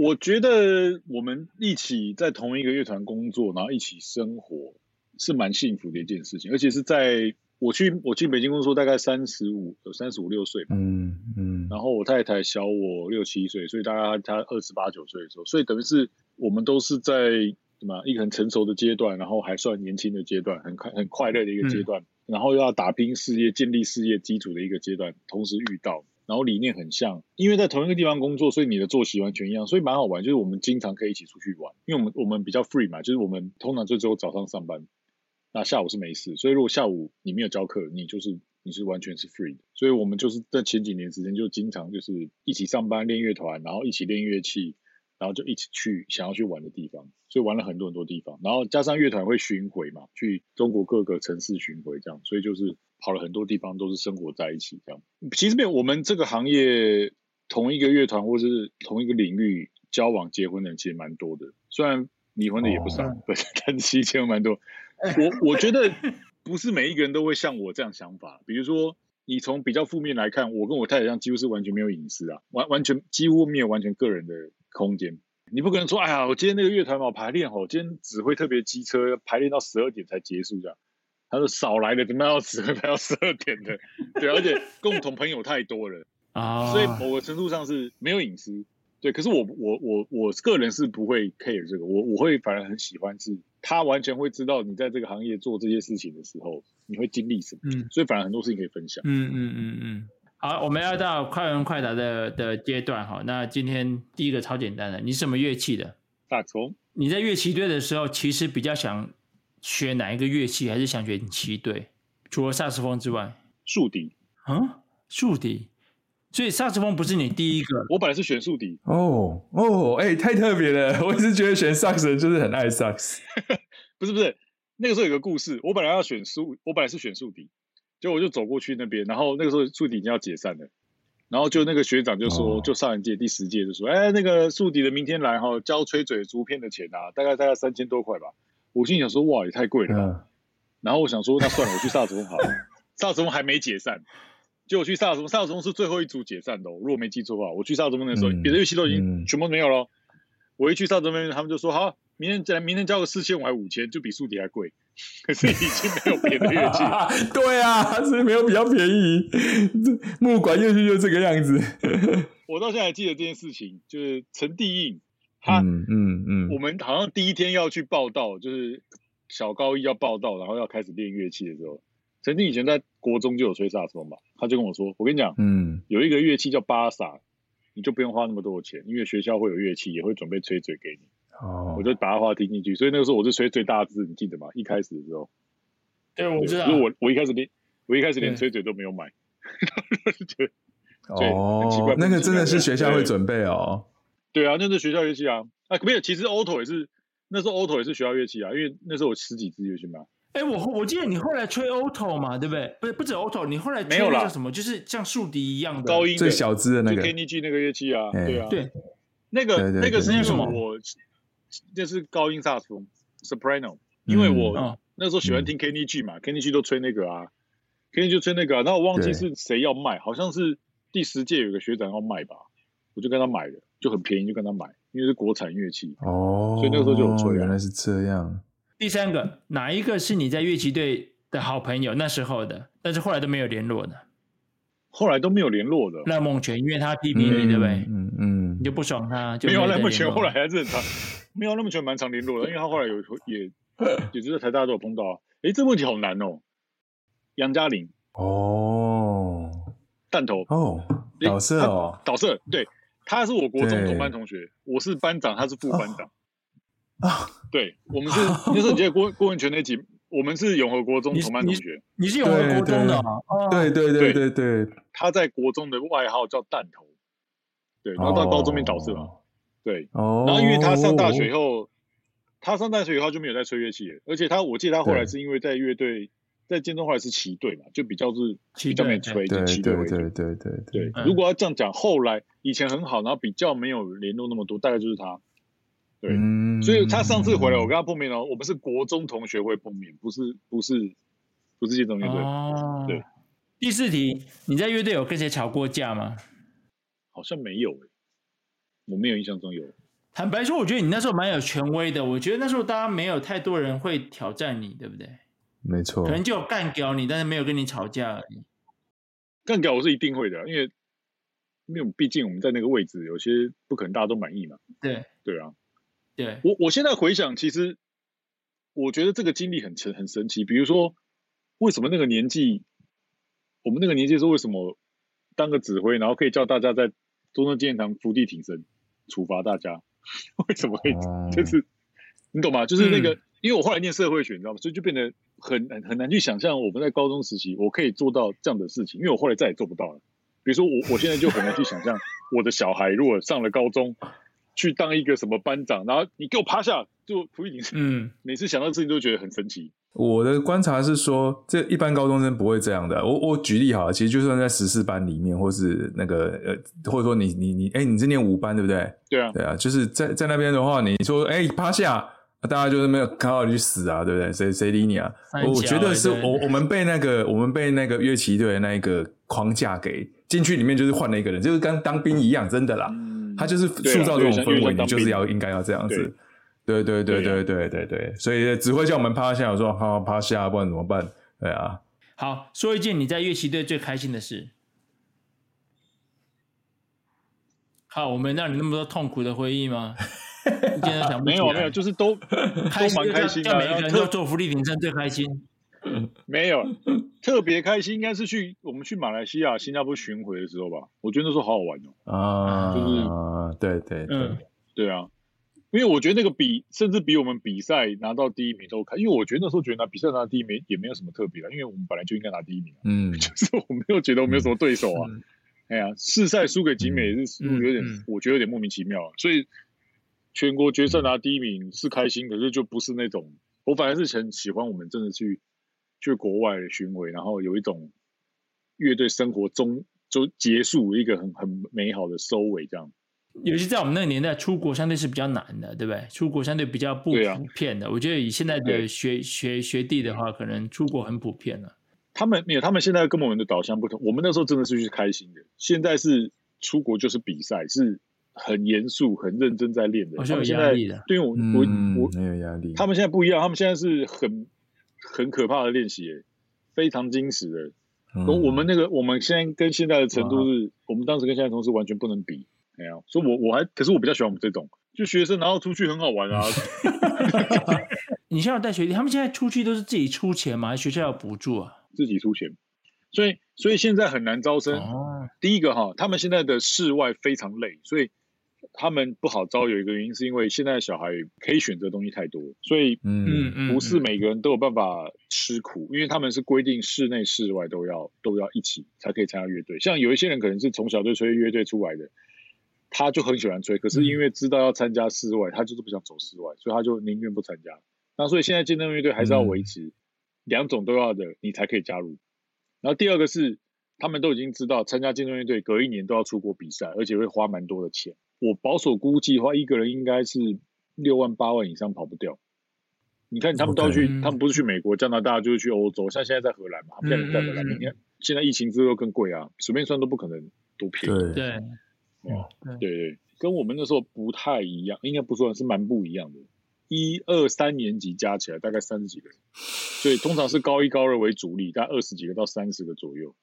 我覺得我們一起在同一個樂團工作，然後一起生活，是蠻幸福的一件事情。而且是在我去我去北京工作，大概三十五、三十五六歲吧。嗯嗯。然後我太太小我六七歲，所以大概她二十八九歲的時候，所以等於是我們都是在什麼一個很成熟的階段，然後還算年輕的階段，很快很快樂的一個階段，嗯、然後又要打拼事業、建立事業基礎的一個階段，同時遇到。然後理念很像，因為在同一個地方工作，所以你的作息完全一樣，所以蠻好玩。就是我們經常可以一起出去玩，因為我們我們比較 free 嘛，就是我們通常就只有早上上班，那下午是沒事。所以如果下午你沒有教課，你就是你是完全是 free 的。所以我們就是在前幾年時間就經常就是一起上班練樂團，然後一起練樂器。然後就一起去想要去玩的地方，所以玩了很多很多地方。然後加上樂團會巡迴嘛，去中國各個城市巡迴這樣，所以就是跑了很多地方，都是生活在一起這樣。其實沒有，我們這個行業同一個樂團或是同一個領域交往結婚的人其實蠻多的，雖然離婚的也不少，哦、但是其實，其實蠻多。我我覺得不是每一個人都會像我這樣想法。比如說你從比較負面來看，我跟我太太像幾乎是完全沒有隱私啊，完完全幾乎沒有完全個人的。空間，你不可能說，哎呀，我今天那個樂團嘛，排練吼，今天指揮特別機車，排練到十二點才結束這樣。他說少來的，怎麼要指揮排到十二點的？ [LAUGHS] 對，而且共同朋友太多了啊， [LAUGHS] 所以某個程度上是沒有隱私。對，可是我我我我個人是不會 care 這個，我我會反而很喜歡是，是他完全會知道你在這個行業做這些事情的時候，你會經歷什麼。嗯、所以反而很多事情可以分享。嗯嗯嗯嗯。嗯嗯嗯好，我們要到快問快答的的階段哈。那今天第一個超簡單的，你是什麼樂器的？薩斯風。你在樂旗隊的時候，其實比較想選哪一個樂器，還是想選旗隊？除了薩斯風之外，豎笛。啊，豎笛。所以薩斯風不是你第一個，我本來是選豎笛。哦哦，哎、哦欸，太特別了。我一直覺得選薩克斯就是很愛薩克斯。 [LAUGHS] 不是不是，那個時候有個故事，我本來要選豎，我本來是選豎笛。就我就走過去那邊，然後那個時候樹底已經要解散了，然後就那個學長就說，哦、就上一屆第十屆就說，哎、欸，那個樹底的明天來哈，交吹嘴竹片的錢啊，大概大概三千多塊吧，我心裡想說，哇，也太貴了，呵然後我想說，那算了，我去薩洲好了，沙洲峰還沒解散，就我去薩洲，薩沙是最後一組解散的、哦，如果沒記錯的話，我去沙洲峰的時候，別、嗯、的樂器都已經全部沒有了，嗯、我一去沙洲峰，他們就說，好。明天再明天交個四千五還五千，就比豎笛還貴。可是已經沒有別的樂器了。 [LAUGHS] 對啊，是沒有比較便宜。這木管樂器就這個樣子。 [LAUGHS] 我到現在還記得這件事情，就是陳地印，他，嗯嗯，嗯嗯我們好像第一天要去報到，就是小高一要報到，然後要開始練樂器的時候，陳地以前在國中就有吹薩風嘛，他就跟我說，我跟你講，嗯，有一個樂器叫巴薩，你就不用花那麼多錢，因為學校會有樂器，也會準備吹嘴給你。哦，我就把話聽進去，所以那個時候我是吹最大支，你記得嗎？一開始的時候，對，我是我我一開始連我一開始連吹嘴都沒有買，哦，很奇怪，那個真的是學校會準備哦，對啊，那是學校樂器啊，啊，沒有，其實 alto 也是那時候 alto 也是學校樂器啊，因為那時候我十幾支樂器嘛，哎，我我記得你後來吹 alto 嘛，對不對？不不止 alto 你後來沒有了叫什麼，就是像豎笛一樣的高音最小支的那個 Kenny G 那個樂器啊，對啊，對，那個那個是因為我。這是高音炸出 soprano 因為我、哦、那時候喜歡聽 Kenny G 嘛、嗯、Kenny G 都吹那個啊 Kenny 就吹那個、啊，然後我忘記是誰要賣，對好像是第十屆有個學長要賣吧，我就跟他買的，就很便宜，就跟他買，因為是國產樂器，哦，所以那個時候就有吹、哦。原來是這樣。第三個，哪一個是你在樂器隊的好朋友？那時候的，但是後來都沒有聯絡的，後來都沒有聯絡的。賴夢泉，因為他批評你，對不對？嗯嗯，嗯你就不爽他，就沒,沒有賴夢泉後來還是他。 [LAUGHS] 沒有那麼全，蠻常聯絡的，因為他後來有也也覺得台大都有碰到啊。哎，這問題好難哦。楊嘉玲哦，彈頭哦，導射哦，導射，對，他是我國中同班同學，對我是班長，他是副班長啊。對，我們是就是 [LAUGHS] 你在郭郭文全那集，我們是永和國中同班同學，你，你，你是永和國中的，對對對對對，對對對對對對他在國中的外號叫彈頭，對，然後到高中變導射了。哦對，然後因為他上大學以後，他上大學以後就沒有再吹樂器了。而且他，我記得他後來是因為在樂隊，在建中後來是旗隊嘛，就比較是旗隊，對對對對對。如果要這樣講，後來以前很好，然後比較沒有聯絡那麼多，大概就是他。對，所以他上次回來，我跟他碰面了。我們是國中同學會碰面，不是不是不是建中樂隊。對。第四題，你在樂隊有跟誰吵過架嗎？好像沒有誒。我沒有印象中有。坦白說，我覺得你那時候蠻有權威的。我覺得那時候大家沒有太多人會挑戰你，對不對？沒錯。可能就有幹掉你，但是沒有跟你吵架而已。幹掉我是一定會的，因為，因為畢竟我們在那個位置，有些不可能大家都滿意嘛。對對啊。對。我我現在回想，其實我覺得這個經歷很神很神奇。比如說，為什麼那個年紀，我們那個年紀是為什麼當個指揮，然後可以叫大家在中山紀念堂伏地挺身？處罰大家，為什麼會就是，你懂嗎？就是那個，嗯、因為我後來念社會學，你知道嗎？所以就變得很很很難去想象，我們在高中時期我可以做到這樣的事情，因為我後來再也做不到了。比如說我，我我現在就很難去想象我的小孩如果上了高中去當一個什麼班長，然後你給我趴下就，伏地挺身。嗯、每次想到事情都覺得很神奇。我的觀察是說，這一般高中生不會這樣的。我我舉例哈，其實就算在十四班裡面，或是那個呃，或者說你你你，哎、欸，你是念五班對不對？對啊，對啊，就是在在那邊的話，你說哎、欸、趴下，大家就是沒有看到你去死啊，對不對？誰誰理你啊？我覺得是對對對，我我們被那個，我們被那個樂旗隊的那一個框架給進去裡面，就是換了一個人，就是跟當兵一樣，嗯、真的啦。他就是塑造這種氛圍、啊，你就是要應該要這樣子。對對對對對對對，所以只會叫我們趴下，我說好趴下，不然怎麼辦？對啊，好，說一件你在樂旗隊最開心的事。好，我們讓你那麼多痛苦的回憶嗎？想沒有沒有，就是都都蠻開心的。每個人都做福利評審最開心。沒有特別開心，應該是去我們去馬來西亞、新加坡巡回的時候吧。我覺得那時候好好玩哦。啊，對對對對啊。因為我覺得那個比，甚至比我們比賽拿到第一名都開，因為我覺得那時候覺得拿比賽拿第一名也沒有什麼特別啊，因為我們本來就應該拿第一名，啊、嗯，就是我沒有覺得我沒有什麼對手啊，嗯、哎呀，試賽輸給景美也是，嗯、有點，嗯、我覺得有點莫名其妙啊，所以全國決賽拿第一名是開心，可是就不是那種，我反而是很喜歡我們真的去去國外的巡回，然後有一種樂隊生活中就結束一個很很美好的收尾這樣。尤其在我們那個年代，出國相對是比較難的，對不對？出國相對比較不普遍的。啊、我覺得以現在的學、欸、學學弟的話，可能出國很普遍了，、啊。他們沒有，他們現在跟我們的導向不同。我們那時候真的是去開心的，現在是出國就是比賽，是很嚴肅、很認真在練的。好像、哦、有壓力的。對我，、嗯、我，我我沒有壓力。他們現在不一樣，他們現在是很很可怕的練習，非常精實的。嗯、我們那個，我們現在跟現在的程度是好我們當時跟現在同事完全不能比。沒有、啊，所以我我還，可是我比較喜歡我們這種，就學生然後出去很好玩啊。 [LAUGHS] [LAUGHS] 你現在帶學弟，他們現在出去都是自己出錢嗎？還是學校要補助啊？自己出錢，所以所以現在很難招生。哦、第一個哈，他們現在的室外非常累，所以他們不好招。有一個原因是因為現在小孩可以選擇東西太多，所以嗯嗯，不是每個人都有辦法吃苦，嗯嗯嗯、因為他們是規定室內室外都要都要一起才可以參加樂隊。像有一些人可能是從小就吹樂隊出來的。他就很喜歡吹，可是因為知道要參加室外，嗯、他就是不想走室外，所以他就寧願不參加。那所以現在建中樂隊還是要維持兩、嗯、種都要的，你才可以加入。然後第二個是，他們都已經知道參加建中樂隊隔一年都要出國比賽，而且會花蠻多的錢。我保守估計的話，一個人應該是六萬八萬以上跑不掉。你看他們都要去，嗯、他們不是去美國、加拿大就是去歐洲，像現在在荷蘭嘛，他們現,在荷蘭。你看、嗯嗯嗯、現在疫情之後更貴啊，隨便算都不可能都便宜。對。對哦，yeah, 對，對對，跟我們那時候不太一樣，應該不算是蠻不一樣的。一二三年級加起來大概三十幾個人 [LAUGHS] 所以通常是高一高二為主力，大概二十幾個到三十個左右。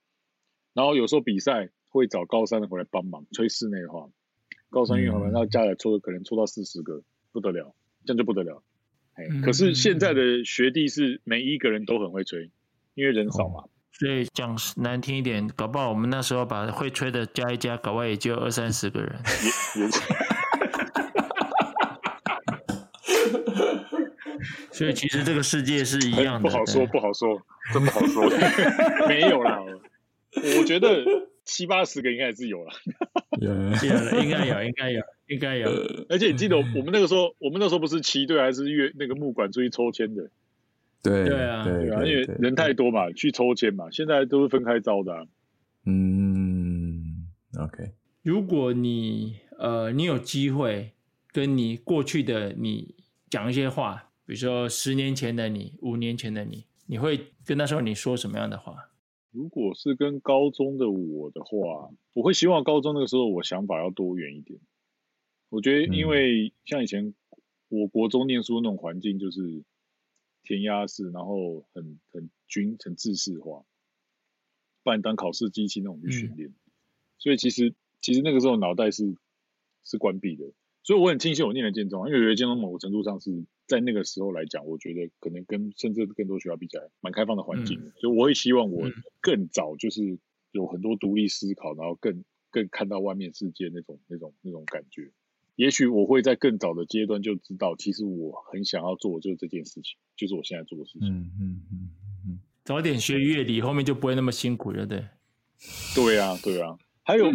然後有時候比賽會找高三的回來幫忙，吹室內的話，高三運我了，要加起來湊可能抽到四十個，不得了，這樣就不得了。 [LAUGHS] 可是現在的學弟是每一個人都很會吹，因為人少嘛。哦所以，講難聽一點，搞不好我們那時候把會吹的加一加，搞不好也就二三十個人。所以，其實這個世界是一樣的，哎、不好說，對不好說，真不好說。 [LAUGHS] 沒有啦， [LAUGHS] 我覺得七八十個應該也是有了。有 [LAUGHS] 了，應該有，應該有，應該有。呃、而且，你記得我，、嗯、我們那個時候，我們那時候不是旗隊還是樂那個木管出去抽籤的。對對啊，對啊，因為人太多嘛，去抽籤嘛，現在都是分開招的啊。嗯，OK。如果你呃，你有機會跟你過去的你講一些話，比如說十年前的你、五年前的你，你會跟那時候說你說什麼樣的話？如果是跟高中的我的話，我會希望高中那個時候我想法要多元一點。我覺得，因為像以前我國中念書那種環境就是。填鴨式，然後很很均，很制式化，把你當考試機器那種去訓練，嗯、所以其實其實那個時候腦袋是是關閉的，所以我很慶幸我念了建中，因為我覺得建中某個程度上是在那個時候來講，我覺得可能跟甚至更多學校比起來，蠻開放的環境，所以、嗯、我也希望我更早就是有很多獨立思考，然後更更看到外面世界那種那種那種感覺。也許我會在更早的階段就知道，其實我很想要做的就是這件事情，就是我現在做的事情。嗯嗯嗯，早點學樂理，對後面就不會那麼辛苦了，對。對啊，對啊。還有， [LAUGHS]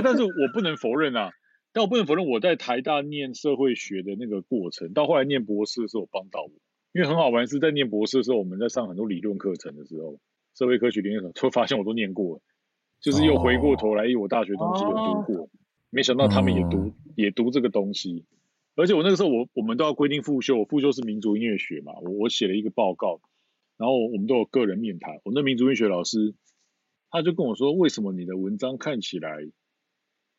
但是我不能否認啊，但我不能否認我在台大念社會學的那個過程，到後來念博士的時候幫到我，因為很好玩，是在念博士的時候，我們在上很多理論課程的時候，社會科學裡面，都發現我都念過了，就是又回過頭來，哎，oh. 我大學東西有讀過。沒想到他們也讀、嗯、也讀這個東西，而且我那個時候我我們都要規定副修，我副修是民族音樂學嘛，我我寫了一個報告，然後我們都有個人面談，我那民族音樂學老師他就跟我說，為什麼你的文章看起來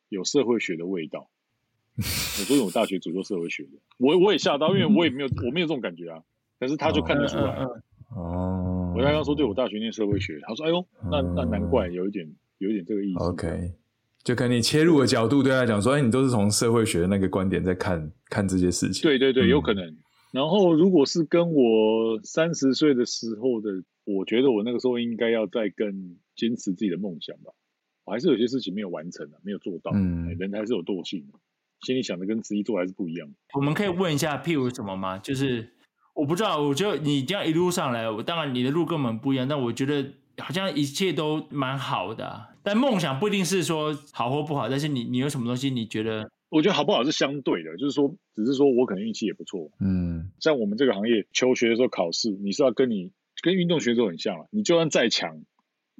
有社會學的味道？ [LAUGHS] 我說因為我大學主修社會學的，我我也嚇到，因為我也沒有我沒有這種感覺啊，但是他就看得出來哦，嗯、我剛剛說對我大學念社會學，他說哎呦，那那難怪有一點有一點這個意思、啊、，OK。就跟你切入的角度，對他講說，哎，你都是從社會學的那個觀點在看看這些事情。對對對，有可能。嗯、然後，如果是跟我三十歲的時候的，我覺得我那個時候應該要再更堅持自己的夢想吧。我還是有些事情沒有完成的，啊，沒有做到。嗯、哎，人還是有惰性，心裡想的跟自己做還是不一樣。我們可以問一下，譬如什麼嗎？就是我不知道，我覺得你這樣一路上來。我當然你的路跟我們不一樣，但我覺得。好像一切都蠻好的、啊，但夢想不一定是說好或不好。但是你你有什麼東西，你覺得我覺得好不好是相對的，就是說，只是說我可能運氣也不錯。嗯，像我們這個行業求學的時候考試，你是要跟你跟運動選手很像了，你就算再強，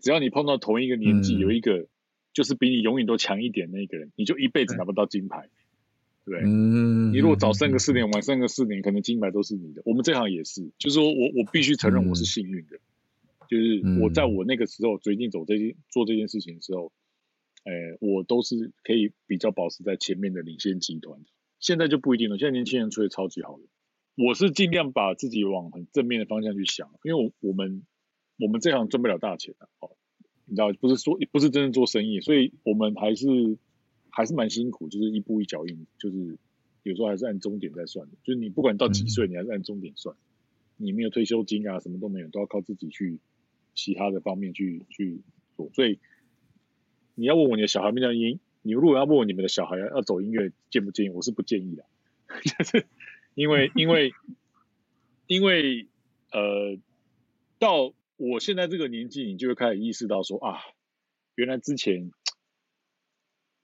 只要你碰到同一個年紀、嗯、有一個就是比你永遠都強一點的那個人，你就一輩子拿不到金牌。嗯、對，嗯。你如果早生個四年，晚生個四年，可能金牌都是你的。我們這行也是，就是說我我必須承認我是幸運的。嗯就是我在我那個時候決定走這些，嗯、做這件事情的時候，哎、呃，我都是可以比較保持在前面的領先集團。現在就不一定了，現在年輕人吹得超級好了。我是盡量把自己往很正面的方向去想，因為我我們我們這行賺不了大錢的、啊、哦，你知道，不是說不是真正做生意，所以我們還是還是蠻辛苦，就是一步一腳印，就是有時候還是按鐘點在算的，就是你不管到幾歲，你還是按鐘點算，嗯、你沒有退休金啊，什麼都沒有，都要靠自己去。其他的方面去去做，所以你要問我你的小孩面向音，你如果要問我你們的小孩要走音樂，建不建議？我是不建議的，就 [LAUGHS] 是因為 [LAUGHS] 因為因為呃，到我現在這個年紀，你就會開始意識到說啊，原來之前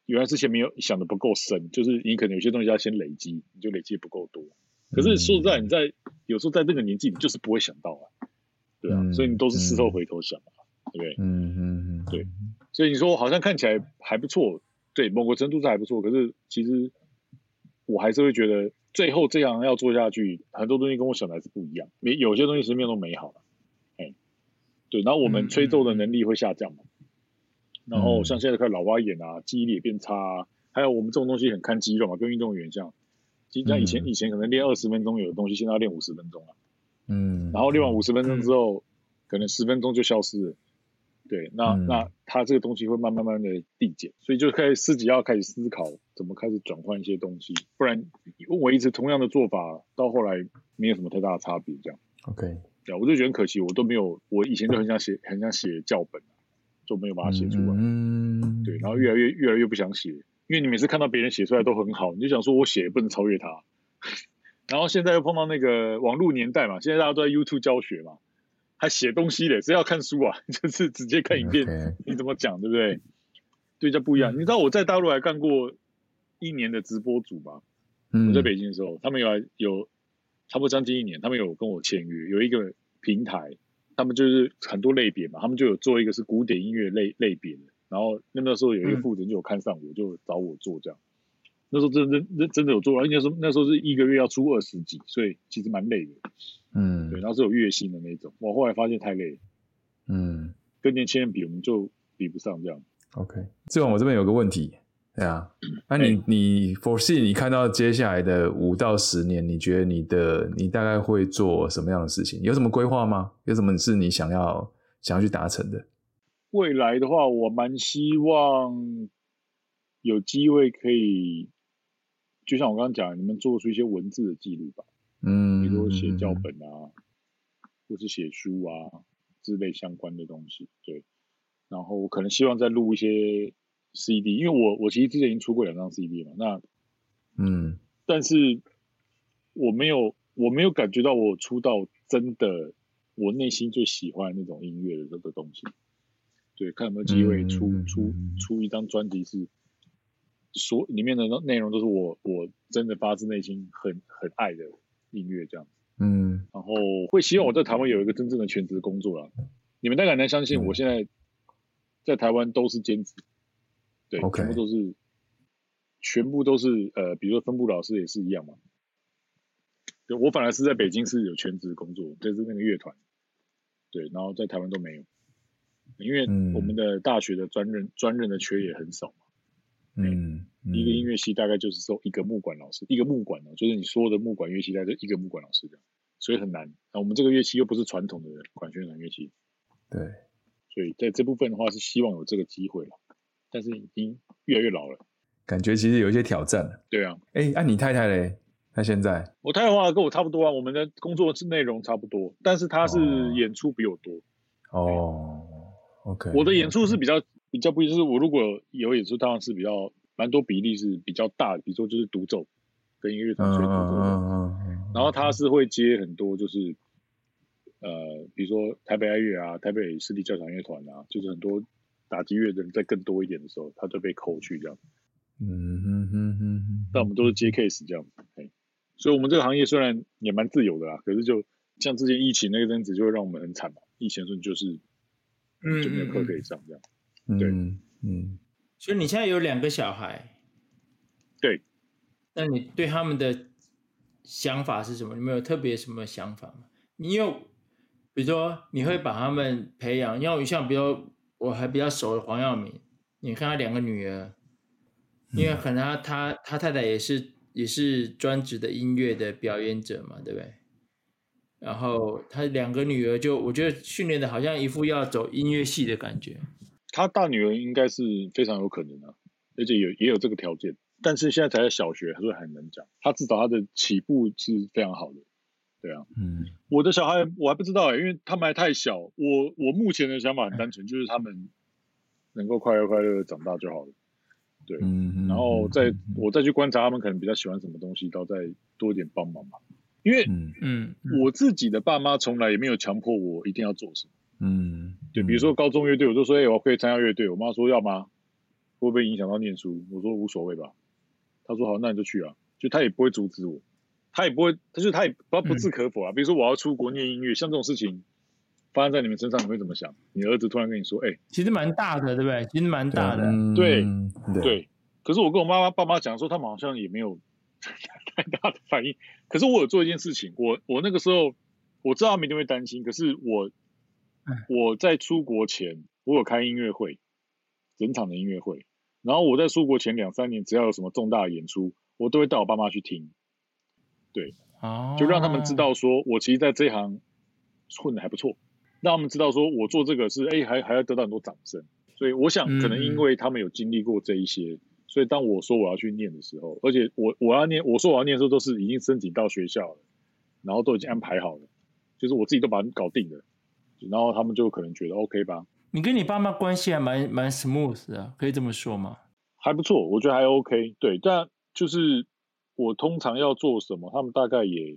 原來之前沒有想得不夠深，就是你可能有些東西要先累積，你就累積不夠多。嗯、可是說實在，你在有時候在這個年紀，你就是不會想到啊。對啊，所以你都是事後回頭想嘛，嗯、對不對？嗯嗯嗯，嗯嗯對，所以你說我好像看起來還不錯，對，某個程度上還不錯，可是其實我還是會覺得最後這樣要做下去，很多東西跟我想的還是不一樣，沒有些東西是沒有那麼美好了、欸，對，然後我們吹奏的能力會下降嘛，嗯嗯、然後像現在開始老花眼啊，記憶力也變差、啊，還有我們這種東西很看肌肉嘛、啊，跟運動員一樣，其實像以前、嗯、以前可能練二十分鐘有的東西，現在要練五十分鐘了、啊。嗯，然後練完五十分鐘之後，嗯、可能十分鐘就消失了。嗯、對，那、嗯、那他這個東西會慢慢慢慢的遞減，所以就開始自己要開始思考怎麼開始轉換一些東西，不然你問我一直同樣的做法，到後來沒有什麼太大的差別這樣。OK，對，我就覺得很可惜，我都沒有，我以前就很想寫，很想寫教本，就沒有把它寫出來。嗯，對，然後越來越越來越不想寫，因為你每次看到別人寫出來都很好，你就想說我寫不能超越他。 [LAUGHS] 然後現在又碰到那個網絡年代嘛，現在大家都在 YouTube 教學嘛，還寫東西嘞，誰要看書啊？就是直接看影片，Okay. 你怎麼講，對不對？對，就不一樣。嗯、你知道我在大陸還幹過一年的直播主吧？我在北京的時候，他們有有差不多將近一年，他們有跟我簽約，有一個平台，他們就是很多類別嘛，他們就有做一個是古典音樂類類別的，然後那個時候有一個負責人就有看上我，嗯、就找我做這樣。那時候真真真真的有做完，而且是那時候是一個月要出二十幾，所以其實蠻累的。嗯，對，然後是有月薪的那種。我後來發現太累了。嗯，跟年輕人比，我們就比不上這樣。OK，最後我這邊有個問題。對啊，那、啊、你、欸、你 foresee 你看到接下來的五到十年，你覺得你的你大概會做什麼樣的事情？有什麼規劃嗎？有什麼是你想要想要去達成的？未來的話，我蠻希望有機會可以。就像我剛剛講，你們做出一些文字的記錄吧，嗯，比如說寫教本啊，嗯、或是寫書啊，之類相關的東西，對。然後我可能希望再錄一些 CD，因為我我其實之前已經出過兩張 CD 嘛，那嗯，但是我沒有我沒有感覺到我出到真的我內心最喜歡那種音樂的這、那個東西，對，看有沒有機會出、嗯、出出、出一張專輯是。所裡面的內容都是我我真的發自內心很很愛的音樂這樣子，嗯，然後會希望我在台灣有一個真正的全職工作啦。嗯、你們大概能相信，我現在在台灣都是兼職，嗯、對，全部都是，Okay. 全部都是呃，比如說分部老師也是一樣嘛。對，我反而是在北京是有全職工作，就是那個樂團，對，然後在台灣都沒有，因為我們的大學的專任、嗯、專任的缺也很少嘛。嗯，嗯，一個音樂系大概就是收一個木管老師，嗯、一個木管哦、啊，就是你說的木管樂器，大概就是一個木管老師這樣，所以很難。那我們這個樂器又不是傳統的管絃管樂器，對，所以在這部分的話是希望有這個機會了，但是已經越來越老了，感覺其實有一些挑戰。對啊，哎，那、啊、你太太嘞？她現在？我太太的話跟我差不多啊，我們的工作內容差不多，但是她是演出比我多。哦，對哦，OK，我的演出是比較。Okay. 比較不一樣就是我如果有演出，當然是，是比較蠻多比例是比較大的，比如說就是獨奏跟樂團去獨奏，oh, okay. 然後他是會接很多就是呃，比如說台北愛樂啊、台北市立交響樂團啊，就是很多打擊樂的人在更多一點的時候，他就被扣去這樣。嗯嗯嗯嗯。Hmm. 但我們都是接 case 這樣子，所以我們這個行業雖然也蠻自由的啦，可是就像之前疫情那一陣子，就會讓我們很慘嘛。疫情的時候就是就沒有課可以上這樣。Mm hmm. 嗯對嗯，嗯，所以你現在有兩個小孩，對，那你對他們的想法是什麼？你沒有特別什麼想法嗎？你有，比如說你會把他們培養，因為像比如說我還比較熟的黃耀明，你看他兩個女兒，因為可能他他他太太也是也是專職的音樂的表演者嘛，對不對？然後他兩個女兒就我覺得訓練的好像一副要走音樂系的感覺。他大女兒應該是非常有可能的，啊，而且也有也有這個條件，但是現在才在小學，還是很難講。他至少他的起步是非常好的，對啊，嗯，我的小孩我還不知道，欸、因為他們還太小。我我目前的想法很單純，就是他們能夠快樂快樂的長大就好了，對，嗯嗯，然後再我再去觀察他們可能比較喜歡什麼東西，然後再多一點幫忙嘛。因為嗯，我自己的爸媽從來也沒有強迫我一定要做什麼。嗯，嗯對，比如說高中樂隊，我就說，哎、嗯欸，我可以參加樂隊。我媽說要嗎？會不會影響到念書？我說無所謂吧。她說好，那你就去啊。就她也不會阻止我，她也不會，她就她也不不置可否啊。嗯、比如說我要出國念音樂，像這種事情發生在你們身上，你會怎麼想？你兒子突然跟你說，哎、欸，其實蠻大的，對不對？其實蠻大的，嗯、對對,對,對。可是我跟我媽媽爸媽講說，他們好像也沒有 [LAUGHS] 太大的反應。可是我有做一件事情，我我那個時候我知道他們一定會擔心，可是我。我在出國前，我有開音樂會，整場的音樂會。然後我在出國前兩三年，只要有什麼重大的演出，我都會帶我爸媽去聽，對，就讓他們知道說，我其實在這一行混得還不錯，讓他們知道說我做這個是哎、欸，還還要得到很多掌聲。所以我想，可能因為他們有經歷過這一些，所以當我說我要去念的時候，而且我我要念，我說我要念的時候，都是已經申請到學校了，然後都已經安排好了，就是我自己都把它搞定了。然後他們就可能覺得 OK 吧。你跟你爸媽關係還蠻蠻 smooth 啊，可以這麼說嗎？還不錯，我覺得還 OK。對，但就是我通常要做什麼，他們大概也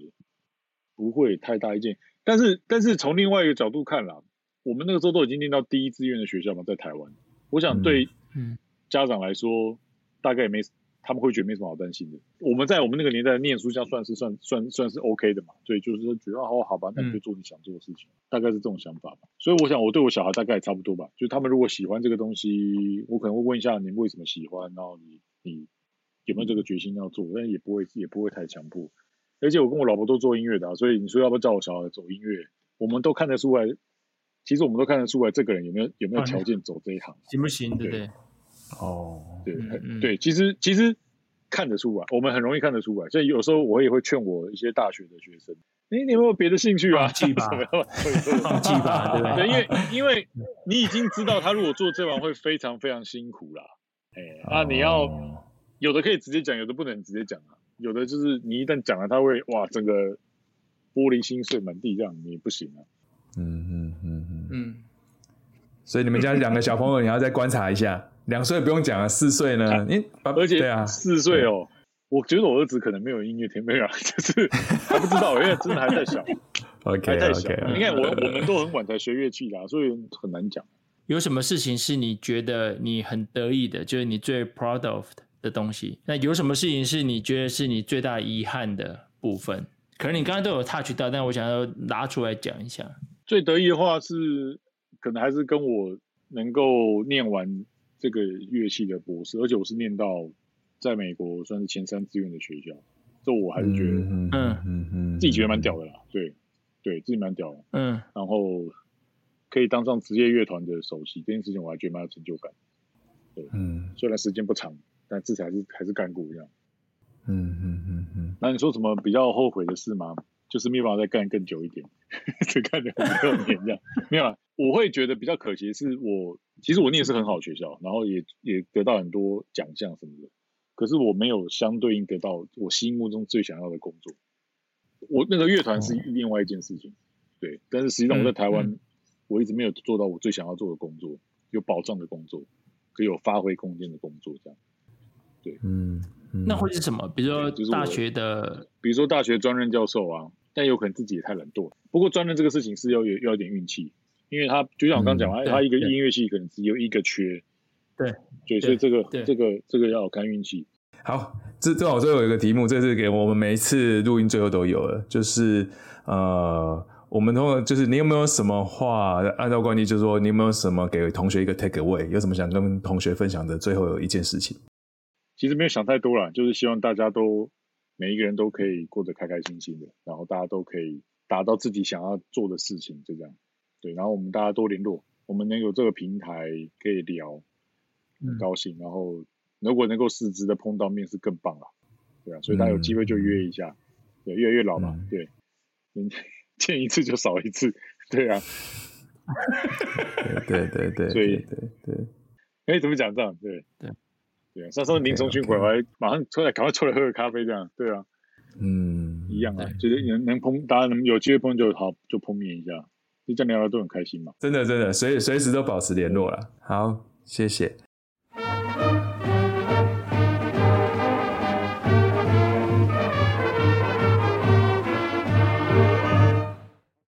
不會太大意見。但是，但是從另外一個角度看啦，我們那個時候都已經念到第一志願的學校嘛，在台灣，我想對，嗯，家長來說大概也沒。嗯嗯他們會覺得沒什麼好擔心的。我們在我們那個年代念書，這樣算是算算算是 OK 的嘛？所以就是說覺得哦，好吧，那你就做你想做的事情，嗯、大概是這種想法吧。所以我想，我對我小孩大概也差不多吧。就是他們如果喜歡這個東西，我可能會問一下你為什麼喜歡，然後你你有沒有這個決心要做，但也不會也不會太強迫。而且我跟我老婆都做音樂的、啊，所以你說要不要叫我小孩走音樂，我們都看得出來。其實我們都看得出來，這個人有沒有有沒有條件走這一行，行不行？對。哦，oh, 對、嗯、對，其實其實看得出來，我們很容易看得出來。所以有時候我也會勸我一些大學的學生，你有沒有別的興趣啊？放棄吧、啊、麼 [LAUGHS] 對，對因為因為你已經知道他如果做這行會非常非常辛苦啦。哎，啊，你要、oh. 有的可以直接講，有的不能直接講啊。有的就是你一旦講了，他會哇，整個玻璃心碎滿地這樣，你不行了、啊嗯。嗯嗯嗯嗯嗯。嗯所以你們家兩個小朋友，你要再觀察一下。兩歲不用講了，四歲呢？哎、啊，欸、而且對啊，四歲哦、喔，對我覺得我兒子可能沒有音樂天分啊，就是還不知道， [LAUGHS] 因為真的還在想，OK 還太小。你看我我們都很晚才學樂器啦，所以很難講。有什麼事情是你覺得你很得意的，就是你最 proud of 的東西？那有什麼事情是你覺得是你最大遺憾的部分？可能你剛剛都有 touch 到，但我想要拿出來講一下。最得意的話是，可能還是跟我能夠念完。這個樂器的博士，而且我是念到在美國算是前三志願的學校，這我還是覺得，嗯嗯嗯，自己覺得蠻屌的啦，對，對自己蠻屌的，嗯，然後可以當上職業樂團的首席，這件事情我還覺得蠻有成就感，對，嗯，雖然時間不長，但至少還是還是幹過這樣，嗯嗯嗯嗯，那你說什麼比較後悔的事嗎？就是沒辦法再幹更久一點， [LAUGHS] 只幹了五六年這樣。 [LAUGHS] 沒有、啊，我會覺得比較可惜的是我，我其實我念是很好學校，然後也也得到很多獎項什麼的，可是我沒有相對應得到我心目中最想要的工作。我那個樂團是另外一件事情，哦、對。但是實際上我在台灣，嗯嗯、我一直沒有做到我最想要做的工作，有保障的工作，可以有發揮空間的工作這樣。對，嗯，那會是什麼？比如說大學的，就是、比如說大學專任教授啊。但有可能自己也太懶惰，不過專任這個事情是要，要有要一點運氣，因為他就像我剛剛講他一個音樂系可能只有一個缺，對，對，所以這個對這個、這個、對這個要有看運氣。好，這正好最後一個題目，這次給我們每一次錄音最後都有了，就是呃，我們通常就是你有沒有什麼話按照慣例就是說你有沒有什麼給同學一個 take away，有什麼想跟同學分享的最後有一件事情？其實沒有想太多了，就是希望大家都。每一個人都可以過得開開心心的，然後大家都可以達到自己想要做的事情，就這樣。對，然後我們大家多聯絡，我們能有這個平台可以聊，很高興。嗯、然後如果能夠實質的碰到面是更棒了，對啊。所以大家有機會就約一下、嗯，對，越來越老嘛，嗯、對。見一次就少一次，對啊。 [LAUGHS] [LAUGHS] 對對對，對。所以對對。哎，怎麼講這樣？對對。對，上次您重新回來，okay, okay. 馬上出來，趕快出來喝個咖啡這樣，對啊，嗯，一樣啊，對覺得能能碰，大家能有機會碰就好，就碰面一下，就這樣聊得都很開心嘛，真的真的，隨隨時都保持聯絡了，好，謝謝。